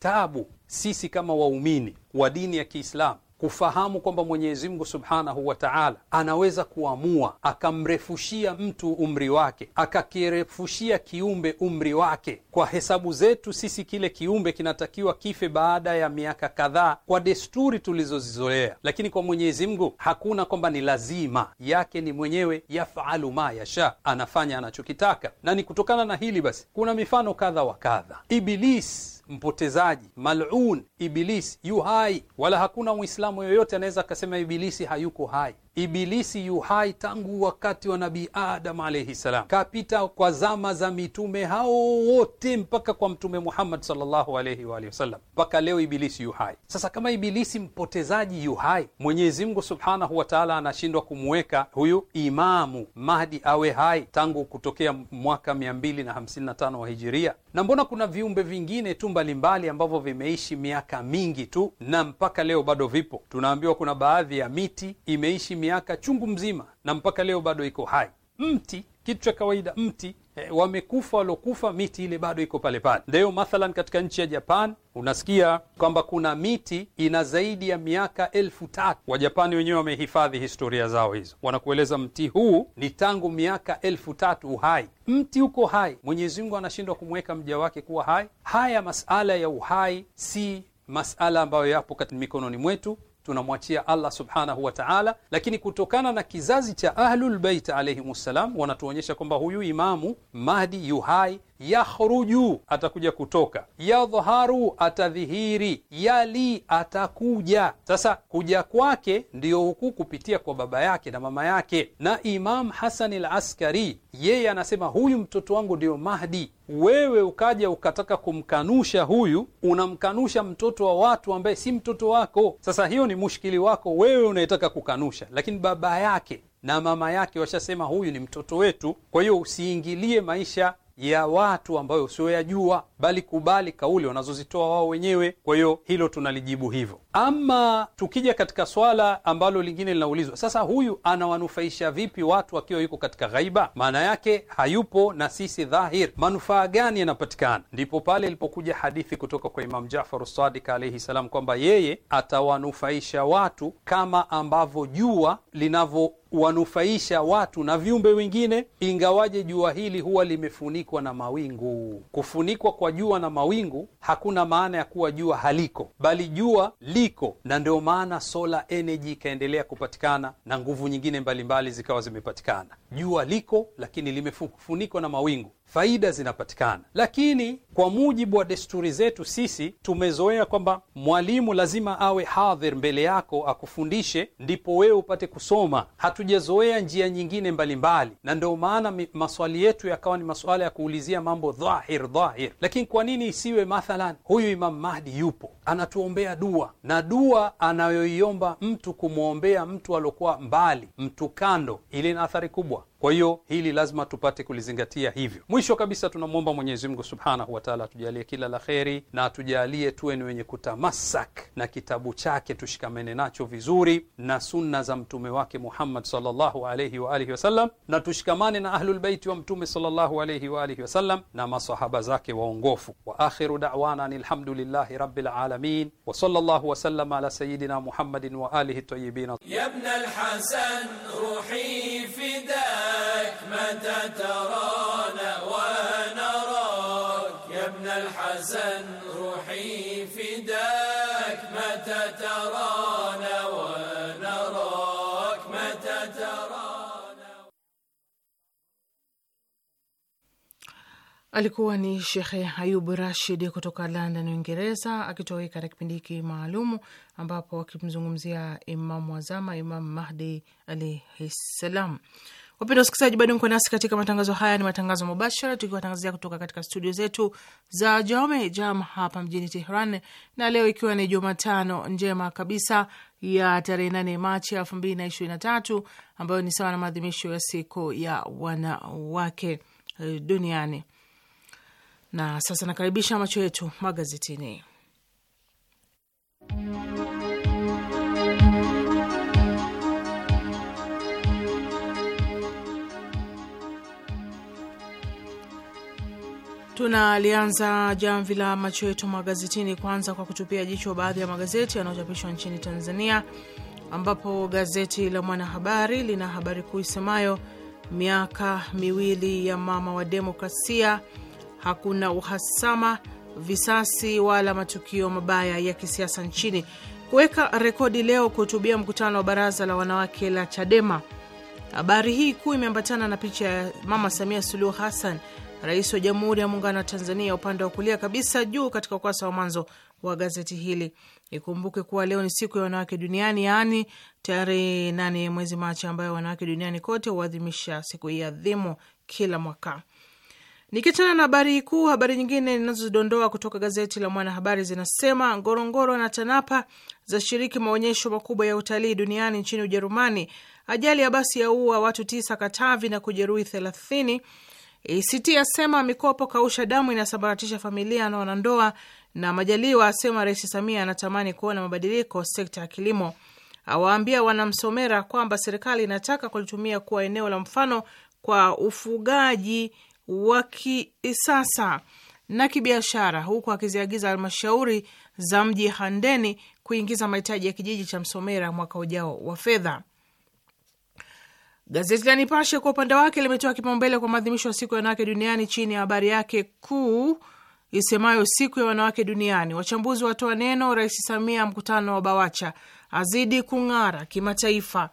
sisi kama waumini wa dini ya Kiislamu kufahamu kwamba Mwenyezi Mungu Subhanahu wa Ta'ala anaweza kuamua akamrefushia mtu umri wake, akakirefushia kiumbe umri wake. Kwa hesabu zetu sisi, kile kiumbe kinatakiwa kife baada ya miaka kadhaa kwa desturi tulizozizoea, lakini kwa Mwenyezi Mungu hakuna kwamba ni lazima yake, ni mwenyewe yafalu ma yasha, anafanya anachokitaka. Na ni kutokana na hili basi kuna mifano kadha wa kadha Iblis mpotezaji, malun, Ibilisi yu hai, wala hakuna Mwislamu yoyote anaweza akasema Ibilisi hayuko hai. Ibilisi yu hai tangu wakati wa Nabii Adam alaihi salam, kapita kwa zama za mitume hao wote mpaka kwa Mtume Muhammad sallallahu alaihi wa alihi wasallam, mpaka leo Ibilisi yu hai. Sasa kama Ibilisi mpotezaji yu hai, Mwenyezi Mungu subhanahu wa taala anashindwa kumuweka huyu Imamu Mahdi awe hai tangu kutokea mwaka 255 wa Hijiria, na mbona kuna viumbe vingine tu mbalimbali ambavyo vimeishi miaka mingi tu na mpaka leo bado vipo. Tunaambiwa kuna baadhi ya miti imeishi miaka chungu mzima na mpaka leo bado iko hai. Mti kitu cha kawaida, mti e, wamekufa walokufa, miti ile bado iko pale pale. Ndio mathalan katika nchi ya Japan unasikia kwamba kuna miti ina zaidi ya miaka elfu tatu. Wajapani wenyewe wamehifadhi historia zao hizo, wanakueleza mti huu ni tangu miaka elfu tatu uhai. Mti uko hai, Mwenyezi Mungu anashindwa kumweka mja wake kuwa hai? Haya masala ya uhai si masala ambayo yapo katika mikononi mwetu tunamwachia Allah subhanahu wa ta'ala. Lakini kutokana na kizazi cha Ahlulbeit alaihim ssalam, wanatuonyesha kwamba huyu Imamu Mahdi yuhai Yakhruju, atakuja kutoka. Yadhharu, atadhihiri. Yali, atakuja. Sasa kuja kwake ndiyo huku kupitia kwa baba yake na mama yake. Na Imam Hasan al Askari yeye anasema huyu mtoto wangu ndiyo Mahdi. Wewe ukaja ukataka kumkanusha huyu, unamkanusha mtoto wa watu ambaye si mtoto wako. Sasa hiyo ni mushkili wako wewe, unayetaka kukanusha, lakini baba yake na mama yake washasema huyu ni mtoto wetu, kwa hiyo usiingilie maisha ya watu ambayo usioyajua, bali kubali kauli wanazozitoa wao wenyewe. Kwa hiyo hilo tunalijibu hivyo. Ama tukija katika swala ambalo lingine linaulizwa sasa, huyu anawanufaisha vipi watu akiwa yuko katika ghaiba? Maana yake hayupo na sisi dhahir, manufaa gani yanapatikana? Ndipo pale ilipokuja hadithi kutoka kwa Imam jafar Sadik alaihi salam kwamba yeye atawanufaisha watu kama ambavyo jua linavyo wanufaisha watu na viumbe wengine, ingawaje jua hili huwa limefunikwa na mawingu. Kufunikwa kwa jua na mawingu hakuna maana ya kuwa jua haliko, bali jua liko, na ndio maana solar energy ikaendelea kupatikana na nguvu nyingine mbalimbali mbali zikawa zimepatikana. Jua liko, lakini limefunikwa na mawingu faida zinapatikana, lakini kwa mujibu wa desturi zetu sisi tumezoea kwamba mwalimu lazima awe hadhir mbele yako akufundishe, ndipo wewe upate kusoma. Hatujazoea njia nyingine mbalimbali Na ndio maana maswali yetu yakawa ni masuala ya kuulizia mambo dhahir dhahir. Lakini kwa nini isiwe mathalan, huyu Imam Mahdi yupo anatuombea dua, na dua anayoiomba mtu kumwombea mtu aliokuwa mbali, mtu kando, ili na athari kubwa kwa hiyo hili lazima tupate kulizingatia hivyo. Mwisho kabisa, tunamwomba Mwenyezi Mungu subhanahu wataala atujalie kila la kheri na atujalie tuwe ni wenye kutamasak na kitabu chake, tushikamane nacho vizuri na sunna za mtume wake Muhammad sallallahu alayhi wa alihi wasallam, na tushikamane na ahlulbeiti wa mtume sallallahu alayhi wa alihi wasallam na masahaba zake waongofu. Wa akhiru da'wana alhamdulillahi rabbil alamin wa sallallahu wa ala sayidina Muhammadin wa alihi tayyibin ya ibn al ruhi fida لك متى ترانا ونراك يا ابن الحسن روحي فداك متى ترانا ونراك متى ترانا Alikuwa ni Shekhe Ayub Rashid kutoka London, Uingereza, akitoweka katika kipindi hiki maalumu ambapo akimzungumzia Imamu Wazama, Imam Mahdi alaihi ssalam. Wapenda wasikilizaji, bado mko nasi katika matangazo haya, ni matangazo mubashara, tukiwatangazia kutoka katika studio zetu za Jome Jam hapa mjini Tehran, na leo ikiwa ni Jumatano njema kabisa ya tarehe 8 Machi elfu mbili na ishirini na tatu ambayo ni sawa na maadhimisho ya siku ya wanawake eh, duniani. Na sasa nakaribisha macho yetu magazetini. Tunalianza jamvi la macho yetu magazetini kwanza kwa kutupia jicho baadhi ya magazeti yanayochapishwa nchini Tanzania, ambapo gazeti la Mwanahabari lina habari kuu isemayo miaka miwili ya mama wa demokrasia, hakuna uhasama, visasi wala matukio mabaya ya kisiasa nchini. Kuweka rekodi leo kuhutubia mkutano wa baraza la wanawake la Chadema. Habari hii kuu imeambatana na picha ya Mama Samia Suluhu Hassan Rais wa Jamhuri ya Muungano wa Tanzania, upande wa kulia kabisa juu katika ukurasa wa mwanzo wa gazeti hili. Ikumbuke kuwa leo ni siku ya wanawake duniani, yaani tarehe nane mwezi Machi, ambayo wanawake duniani kote huadhimisha siku hii adhimu kila mwaka. Nikiachana na habari kuu, habari nyingine ninazodondoa kutoka gazeti la Mwanahabari zinasema Ngorongoro na TANAPA zashiriki maonyesho makubwa ya utalii duniani nchini Ujerumani. Ajali ya basi yaua watu tisa Katavi na kujeruhi thelathini. ACT e, asema mikopo kausha damu inasambaratisha familia na wanandoa, na Majaliwa asema Rais Samia anatamani kuona mabadiliko sekta ya kilimo. Awaambia wanamsomera kwamba serikali inataka kulitumia kuwa eneo la mfano kwa ufugaji wa kisasa na kibiashara, huku akiziagiza halmashauri za mji Handeni kuingiza mahitaji ya kijiji cha Msomera mwaka ujao wa fedha. Gazeti la Nipashe kwa upande wake limetoa kipaumbele kwa maadhimisho ya siku ya wanawake duniani chini ya habari yake kuu isemayo siku ya wanawake duniani, wachambuzi watoa neno, Rais Samia mkutano wa BAWACHA azidi kung'ara kimataifa.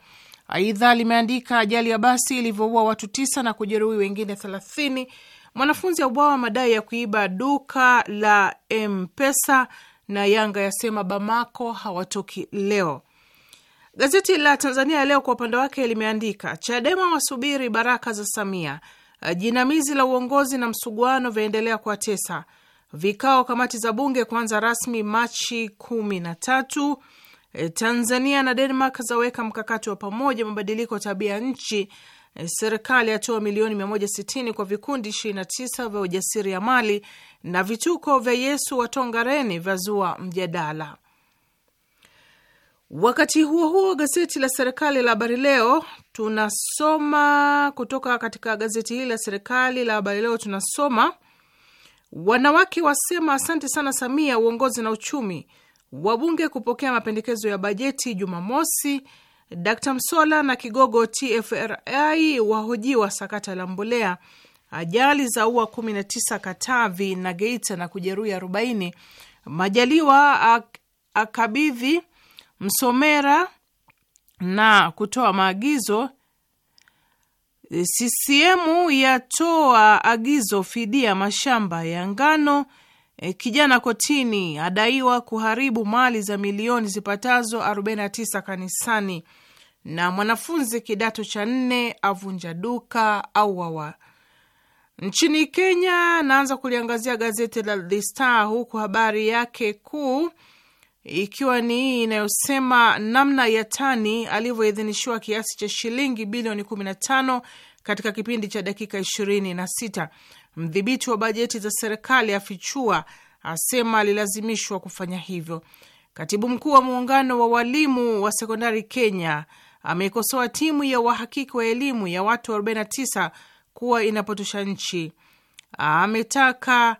Aidha limeandika ajali ya basi ilivyoua watu tisa na kujeruhi wengine thelathini, mwanafunzi abwawa madai ya kuiba duka la Mpesa, na Yanga yasema Bamako hawatoki leo. Gazeti la Tanzania Leo kwa upande wake limeandika Chadema wasubiri baraka za Samia, eh, jinamizi la uongozi na msuguano vyaendelea kuwatesa, vikao kamati za bunge kuanza rasmi Machi kumi na tatu. Eh, Tanzania na Denmark zaweka mkakati wa pamoja mabadiliko tabia nchi. Eh, serikali yatoa milioni 160 kwa vikundi 29 vya ujasiri ya mali na vituko vya Yesu watongareni vyazua mjadala. Wakati huo huo, gazeti la serikali la Habari Leo tunasoma kutoka katika gazeti hili la serikali la Habari Leo tunasoma wanawake wasema asante sana Samia, uongozi na uchumi. Wabunge kupokea mapendekezo ya bajeti Jumamosi. Dkt Msola na kigogo TFRI wahojiwa sakata la mbolea. Ajali za ua 19 Katavi na Geita na kujeruhi 40. Majaliwa akabidhi Msomera na kutoa maagizo. CCM yatoa agizo fidia mashamba ya ngano. E, kijana kotini adaiwa kuharibu mali za milioni zipatazo 49 kanisani. Na mwanafunzi kidato cha nne avunja duka wawa Nchini Kenya, naanza kuliangazia gazeti la The Star huku habari yake kuu ikiwa ni hii inayosema namna ya tani alivyoidhinishiwa kiasi cha shilingi bilioni 15 katika kipindi cha dakika 26. Mdhibiti wa bajeti za serikali afichua, asema alilazimishwa kufanya hivyo. Katibu mkuu wa muungano wa walimu wa sekondari Kenya ameikosoa timu ya wahakiki wa elimu ya watu 49 kuwa inapotosha nchi. Ametaka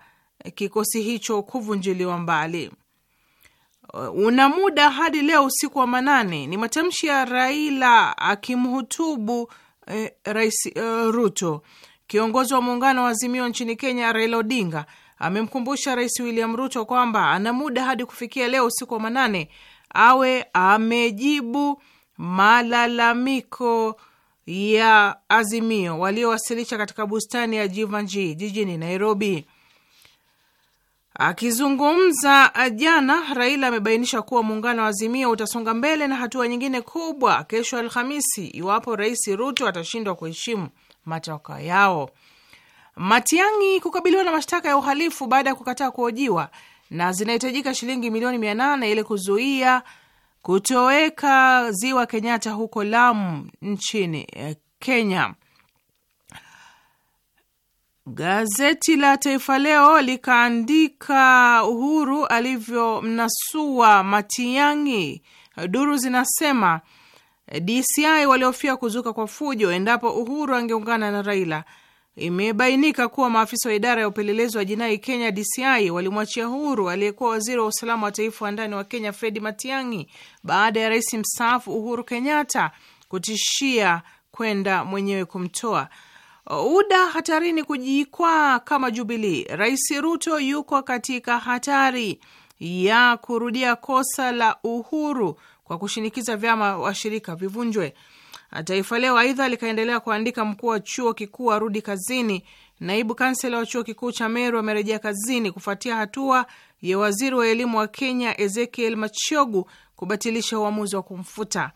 kikosi hicho kuvunjiliwa mbali. Uh, una muda hadi leo usiku wa manane, ni matamshi ya Raila akimhutubu eh, Rais eh, Ruto. Kiongozi wa muungano wa Azimio nchini Kenya, Raila Odinga, amemkumbusha Rais William Ruto kwamba ana muda hadi kufikia leo usiku wa manane awe amejibu malalamiko ya Azimio waliowasilisha katika bustani ya Jivanji jijini Nairobi. Akizungumza ah, jana, Raila amebainisha kuwa muungano wa Azimio utasonga mbele na hatua nyingine kubwa kesho Alhamisi iwapo Rais Ruto atashindwa kuheshimu matakwa yao. Matiang'i kukabiliwa na mashtaka ya uhalifu baada ya kukataa kuhojiwa na zinahitajika shilingi milioni mia nane ili kuzuia kutoweka ziwa Kenyatta huko Lamu nchini eh, Kenya. Gazeti la Taifa Leo likaandika Uhuru alivyomnasua Matiang'i. Duru zinasema DCI waliofia kuzuka kwa fujo endapo Uhuru angeungana na Raila. Imebainika kuwa maafisa wa idara ya upelelezi wa jinai Kenya DCI walimwachia huru aliyekuwa waziri wa usalama wa taifa wa ndani wa Kenya Fredi Matiang'i baada ya rais mstaafu Uhuru Kenyatta kutishia kwenda mwenyewe kumtoa. UDA hatarini kujikwaa kama Jubilii. Rais Ruto yuko katika hatari ya kurudia kosa la Uhuru kwa kushinikiza vyama washirika vivunjwe. Taifa Leo aidha likaendelea kuandika, mkuu wa chuo kikuu arudi kazini. Naibu kansela wa chuo kikuu cha Meru amerejea kazini kufuatia hatua ya waziri wa elimu wa Kenya Ezekiel Machogu kubatilisha uamuzi wa kumfuta.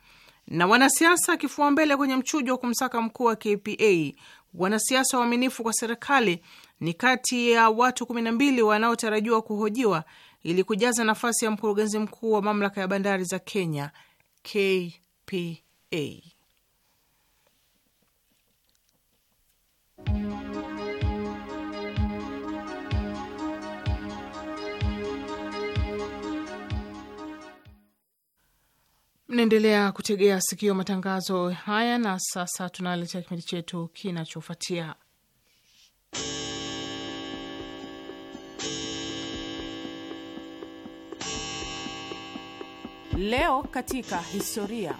Na wanasiasa akifua mbele kwenye mchujo wa kumsaka mkuu wa KPA Wanasiasa waaminifu kwa serikali ni kati ya watu kumi na mbili wanaotarajiwa kuhojiwa ili kujaza nafasi ya mkurugenzi mkuu wa mamlaka ya bandari za Kenya, KPA. Mnaendelea kutegea sikio matangazo haya, na sasa tunaletea kipindi chetu kinachofuatia leo katika historia.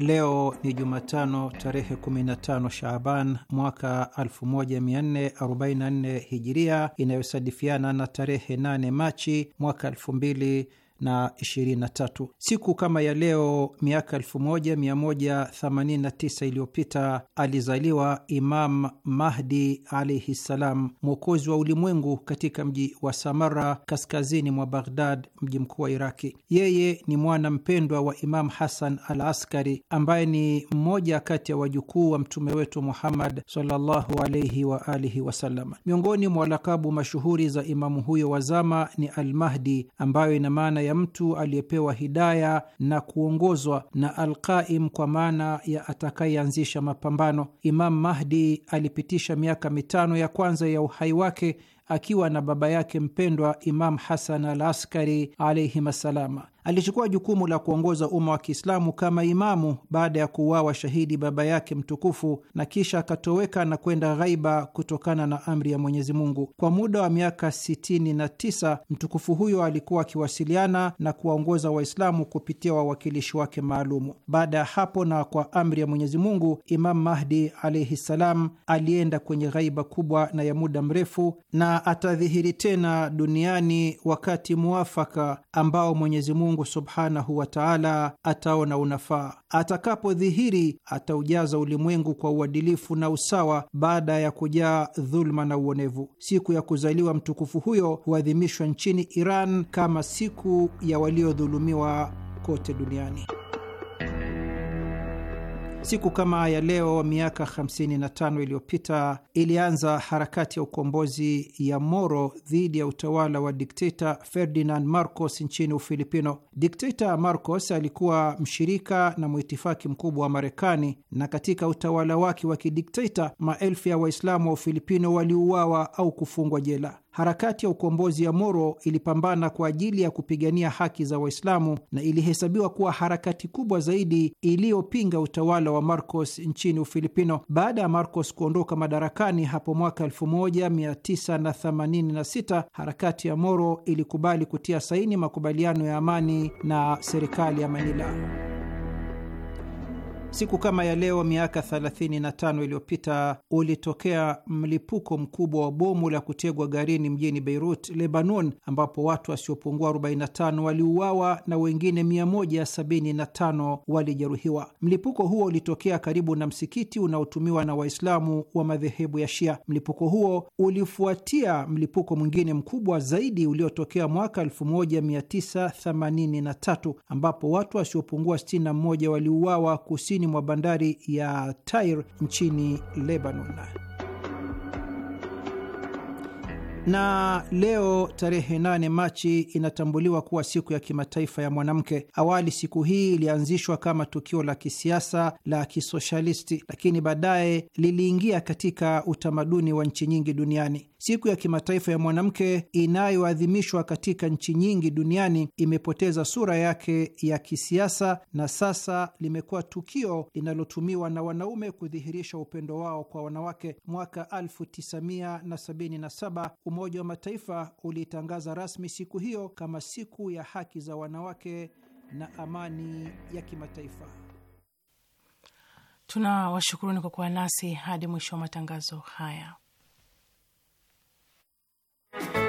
Leo ni Jumatano tarehe 15 Shaaban mwaka 1444 Hijiria, inayosadifiana na tarehe 8 Machi mwaka na 23. Siku kama ya leo miaka 1189 iliyopita alizaliwa Imam Mahdi alaihi ssalam, mwokozi wa ulimwengu katika mji wa Samara kaskazini mwa Baghdad, mji mkuu wa Iraki. Yeye ni mwana mpendwa wa Imam Hasan al Askari ambaye ni mmoja kati ya wajukuu wa mtume wetu Muhammad sallallahu alaihi wasallam. Miongoni mwa lakabu mashuhuri za imamu huyo wa zama ni Almahdi ambayo ina maana ya mtu aliyepewa hidaya na kuongozwa na Alqaim, kwa maana ya atakayeanzisha mapambano. Imam Mahdi alipitisha miaka mitano ya kwanza ya uhai wake akiwa na baba yake mpendwa Imam Hasan al Askari alaihim assalama. Alichukua jukumu la kuongoza umma wa Kiislamu kama imamu baada ya kuuawa shahidi baba yake mtukufu, na kisha akatoweka na kwenda ghaiba kutokana na amri ya Mwenyezi Mungu. Kwa muda wa miaka 69 mtukufu huyo alikuwa akiwasiliana na kuwaongoza Waislamu kupitia wawakilishi wake maalumu. Baada ya hapo na kwa amri ya Mwenyezi Mungu, Imam Mahdi alaihi ssalam alienda kwenye ghaiba kubwa na ya muda mrefu na atadhihiri tena duniani wakati muwafaka ambao Mwenyezi Mungu subhanahu wa taala ataona unafaa. Atakapodhihiri ataujaza ulimwengu kwa uadilifu na usawa baada ya kujaa dhuluma na uonevu. Siku ya kuzaliwa mtukufu huyo huadhimishwa nchini Iran kama siku ya waliodhulumiwa kote duniani. Siku kama ya leo miaka 55 iliyopita ilianza harakati ya ukombozi ya Moro dhidi ya utawala wa dikteta Ferdinand Marcos nchini Ufilipino. Dikteta Marcos alikuwa mshirika na mwitifaki mkubwa wa Marekani, na katika utawala wake wa kidikteta maelfu ya Waislamu wa Ufilipino waliuawa au kufungwa jela harakati ya ukombozi ya Moro ilipambana kwa ajili ya kupigania haki za Waislamu na ilihesabiwa kuwa harakati kubwa zaidi iliyopinga utawala wa Marcos nchini Ufilipino. Baada ya Marcos kuondoka madarakani hapo mwaka 1986, harakati ya Moro ilikubali kutia saini makubaliano ya amani na serikali ya Manila. Siku kama ya leo miaka 35 iliyopita ulitokea mlipuko mkubwa wa bomu la kutegwa garini mjini Beirut, Lebanon, ambapo watu wasiopungua 45 waliuawa na wengine 175 walijeruhiwa. Mlipuko huo ulitokea karibu na msikiti unaotumiwa na Waislamu wa madhehebu ya Shia. Mlipuko huo ulifuatia mlipuko mwingine mkubwa zaidi uliotokea mwaka 1983 ambapo watu wasiopungua 61 waliuawa kusini kusini mwa bandari ya Tair nchini Lebanon. na leo tarehe 8 Machi inatambuliwa kuwa siku ya kimataifa ya mwanamke. Awali siku hii ilianzishwa kama tukio la kisiasa la kisoshalisti, lakini baadaye liliingia katika utamaduni wa nchi nyingi duniani. Siku ya kimataifa ya mwanamke inayoadhimishwa katika nchi nyingi duniani imepoteza sura yake ya kisiasa na sasa limekuwa tukio linalotumiwa na wanaume kudhihirisha upendo wao kwa wanawake. Mwaka 1977 Umoja wa Mataifa ulitangaza rasmi siku hiyo kama siku ya haki za wanawake na amani ya kimataifa. Tunawashukuruni kwa kuwa nasi hadi mwisho wa matangazo haya. Thank you.